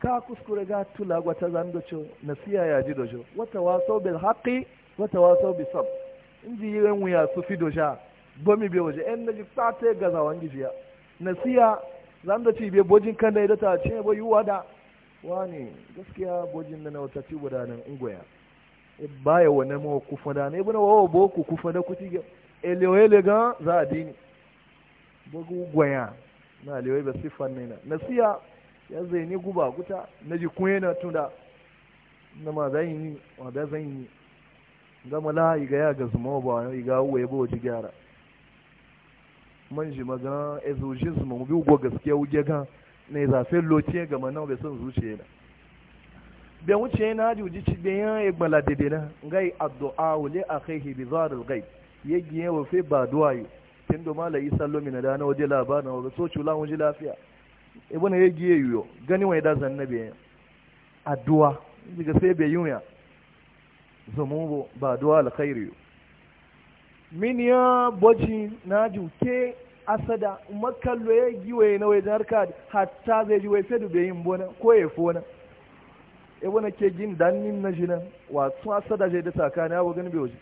S1: ka kuskure ga tula gwata zan do cho nasiya ya ji do wata waso bil haƙi wata waso bisab in ji ran wuya su fi dosha gomi bai waje yan na ji fata ya gaza wani jiya siya zan da ci bai bojin kan da ya data ce ba yi da wani gaskiya bojin da na wata ci gudanar nan ingoya e ba ya wani mawa kufa da e na ibi na wawa boku kufa da kuti e ga elewa lega za a dini bugu gwaya na elewa ba siffar nina siya ya zai ni guba guta na ji kuye na tunda na ma zai yi ma da zan yi gama la iga ya ga zuma ba iga uwe ba waje gyara man shi maga ezojin eh, su mamu biyu gaskiya wuge ga na loci ya gama nan bai zuci zuciya na bai wuce na haji wuji ci bai yan gbala dede na ngai addu'a wule a kai hibi zarul gai ya giye wa fe ba duwa yi tun doma la isa lomina da na waje labarin wa so cula waje lafiya na ya giye yiwu gani wani da zanna bai addu'a daga sai bai yiwu ya zamubo ba duwa alkhairi min ya boji na juke asada makallo ya giwe na wajen harka hatta zai ji wai fedu bai yin bona ko ya fona e wani ke gin dannin na jina wato asada zai da tsakani abu gani bai waje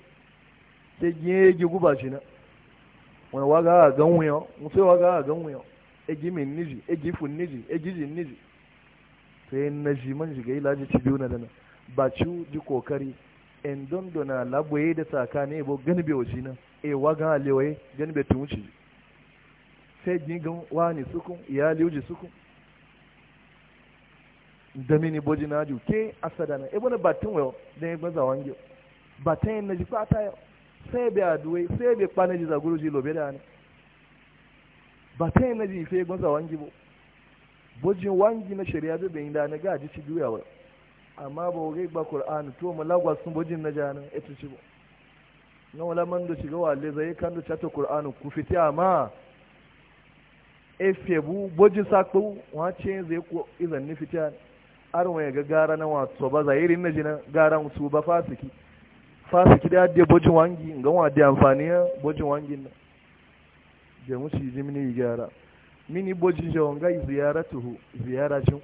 S1: ke gin ya gi guba jina wani waga a gan wuyan musu waga a gan wuyan e gi min niji e gi fun niji e gi jin niji to yin na ji man shiga ilaji ci biyu na dana ba ci ji kokari in dondona laboye da tsakani bo gani bai waje na e ga lewaye gani bai tun wuce sai wa wani suku ya liuji suku da mini boji na ju ke asada na e na batun wayo dan egbe za wange batin yin na ji fata yau sai bai aduwe sai bai kwana ji zaguru ji lobe da ne batin yin na ji fe egbe wange bo bojin wangi na shari'a da bai da na gaji ci juyawa amma ba wa ba qur'an to mu lagwa sun bujin na jana ita e shi ba na wala man do shiga wa le zai kan do chata qur'an ku fiti amma efe bu bujin sakpo wace zai ko izan ni fiti an arwa ga gara na to ba rin na jina garan su ba fasiki fasiki da de bujin wangi ga wa de amfani bujin wangi na je mu shi jimini gara mini bujin jawon ga ziyaratuhu ziyaracin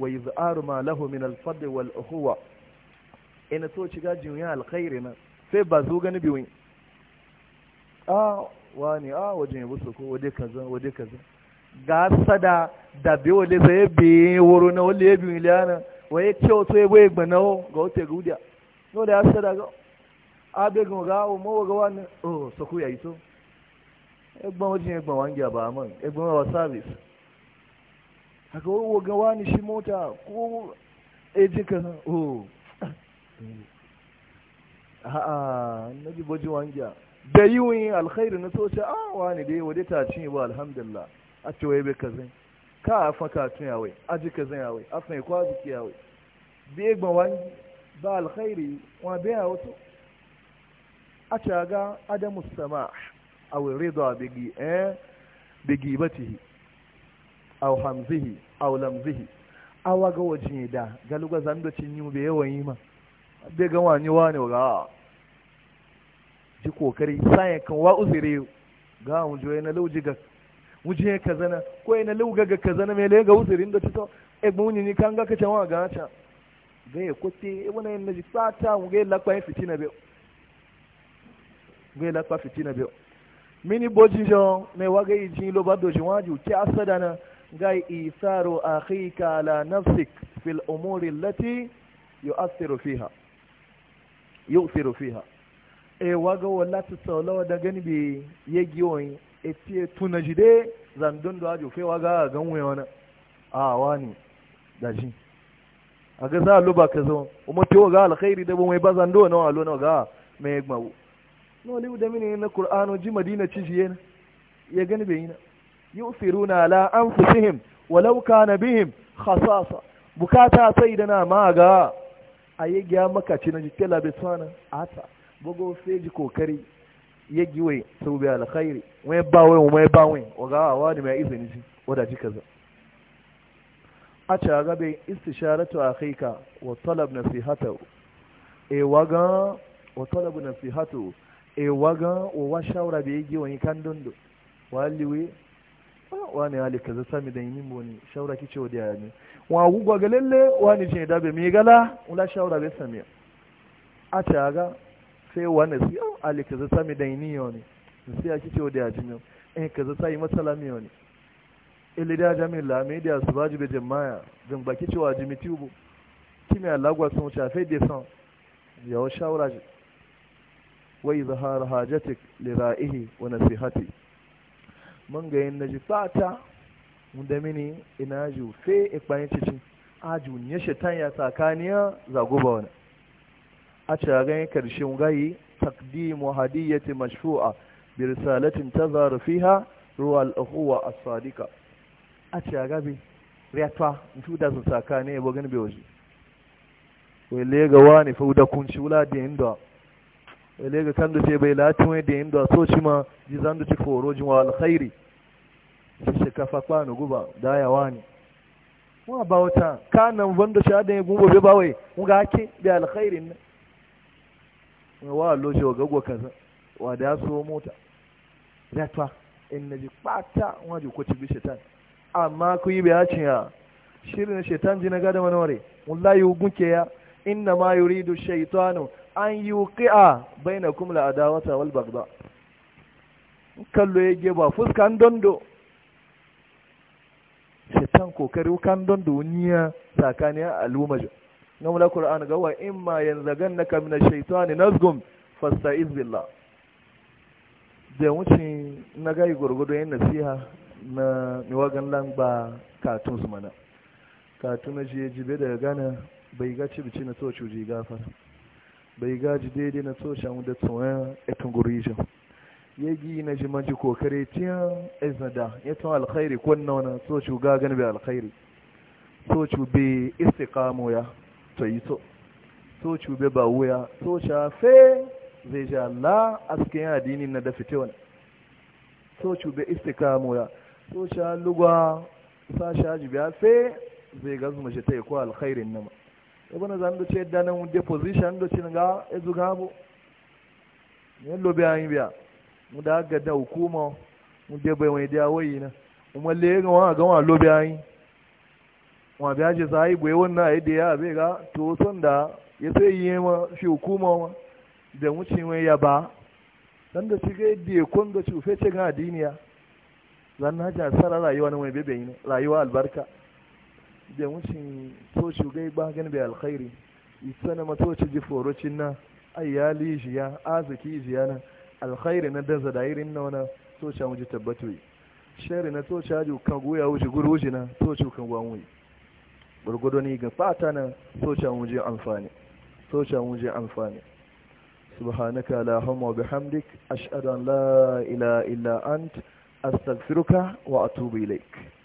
S1: wa iz'aru ma lahu min al-fadl wal ukhuwa ina so shiga jinya alkhairi na sai ba zo gani biwin a wani a waje yabo su ko waje kaza waje kaza ga sada da bi wale zai be woro na wale bi miliana waye cewa to bai gbana o ga ote gudiya no da sada ga a abe gun ga o mo ga wani o oh, so ku yayi so egbon wajen egbon wangiya ba man egbon wa service haka wawo ga wani shi mota ko ji ka o oh. a'a na ji baji wangiya da yiwuyin alkhairi na soce a ah, wani dai wadai ta cinye ba alhamdulillah a ce wai bai ka zai ka a faka tun yawai aji ka zai yawai a fai kwa ki yawai bai gba wangi ba alkhairi wa bai a wato a ce ga adamu sama a wuri da bigi eh bigi batihi aw hamzihi aw lamzihi awa ga waje da galuga zando cin yi bai yawan yi ma bai ga wani wani ga ah. ji kokari sai kan wa uzire ga mu joye na lauji ga muje kazana ko na lauga ga kazana mai lega uzirin da tuto e gbunni ni kan ga ka can wa ga ta ga ya kote wani yana ji sata mu ga ya lakwa ya fitina bai ga ya lakwa fitina bai mini bojin jan mai waga yi jin lo ba dojin waji ki asada na gai isaru akhika ala nafsik fil umuri allati yu'athiru fiha yu'thiru fiha e waga wala tsawlawa da gani be yegi won e tie tunajide zandun do ajo kai waga a ganwe wani a wani daji a ga za luba ka zo kuma to ga alkhairi da mai bazan do na alo na ga mai gmabu no liu da mini na Kur'anu ji madina ci jiye ya gani be yina yusiruna ala anfusihim walau kana bihim khasasa bukata sai da dana maga ayi gya makaci na jikela betwana ata bogo ji kokari Yagi wai sau biya alkhairi wai ba wai wai ba wai waga awa ne mai izini ji wada ji kaza a ci a gabe istisharatu a kai ka wa talab na sihata e waga wa talab na sihata e waga wa shawara da ya giwe kan dundu wa liwe Ah, wani hali kaza sami da yimin boni shawara ki cewa da ne wa gugwa ga lalle wani jin da bai mi gala ula shawara bai sami a ta ga sai ah, wani su yau ali kaza sami da yimin yoni sai ya ki cewa da jimin eh kaza sai matsala mi yoni ile da jami'in la mi da su baji be jama'a zan baki cewa jimi tubu kimi alagwa gwa sun shafe de son yawo shawara wai zahar hajatik li ra'ihi wa nasihati mun ga yin naji fata da mini ina ju fe ikpayin cici aju ne shaitan ya tsakaniya zaguba wani a ciragen karshen gayi takdimu hadiyyati mashfu'a bi risalatin tazara fiha ruwa al'uwa as-sadiqa a ciragen riyatwa ntu da su tsakaniya ya bugin bewaji wai lega wani faudakun da wula da yin da wale ga kan bai latin de da um um e a um e da soci ma ji zan duce foro wa alkhairi kafa guba da yawa ne wa wanda ya gumbo bai bawe wai mun ga hake bi wa loje wa gago kaza wa ya so mota da ta pata ko ci shetan amma ku yi bayacin ya shirin shetan ji na gada manore wallahi gunke ya yuridu an yi wuƙi'a bai na kumla a dawata walbar ba. kallo ya ba fuskan dondo shaitan kokari wukan dondo niya tsakanin al'umma na mula in ga yanzu gan na kamina ash-shaytani nazgum fasta billah da wuce na gai gwargwado yin nasiha na miwagan lan ba katun su mana katun na jiye jibe daga gana bai ga bici na so cuji gafara bai gaji daidai na social da tsohon etungor gurijin ya gi na jimanci kokare tiyan iznada ya tun alkhairi kwanna wani so gagan bai alkhairi so cube istiqamo ya to yi to so bi ba wuya so fe zai Allah la askin adini na da fito wani so cube istiqamo ya so lugwa sa sha jibi fe zai gazu mace ta yi ko alkhairin nama ibana zan do ce da nan de do cin ga ezu ga bu ne lo be ayin biya mu da ga da hukuma mu de bai wani da wayi na mu le ga wa ga wa lo be ayin wa biya aje sai bai wannan ai e da ya be ga to son da ya sai yi ma shi hukuma ma da chin wai ya ba dan da shi ga de kon da shi fe ce ga diniya zan na ja sara rayuwa ne mai bebe ne rayuwa albarka da wucin toci gai bagan bai alkhairi sana na matoci ji forocin na ayyali jiya arziki jiya na alkhairi na daza da irin na wana toci wuji tabbatu shari na toci aji kan goya wuji guru wuji na toci kan gwan wuji gurgudu ni ga fata na toci wuji amfani toci wuji amfani سبحانك اللهم وبحمدك أشهد أن لا إله إلا أنت أستغفرك وأتوب إليك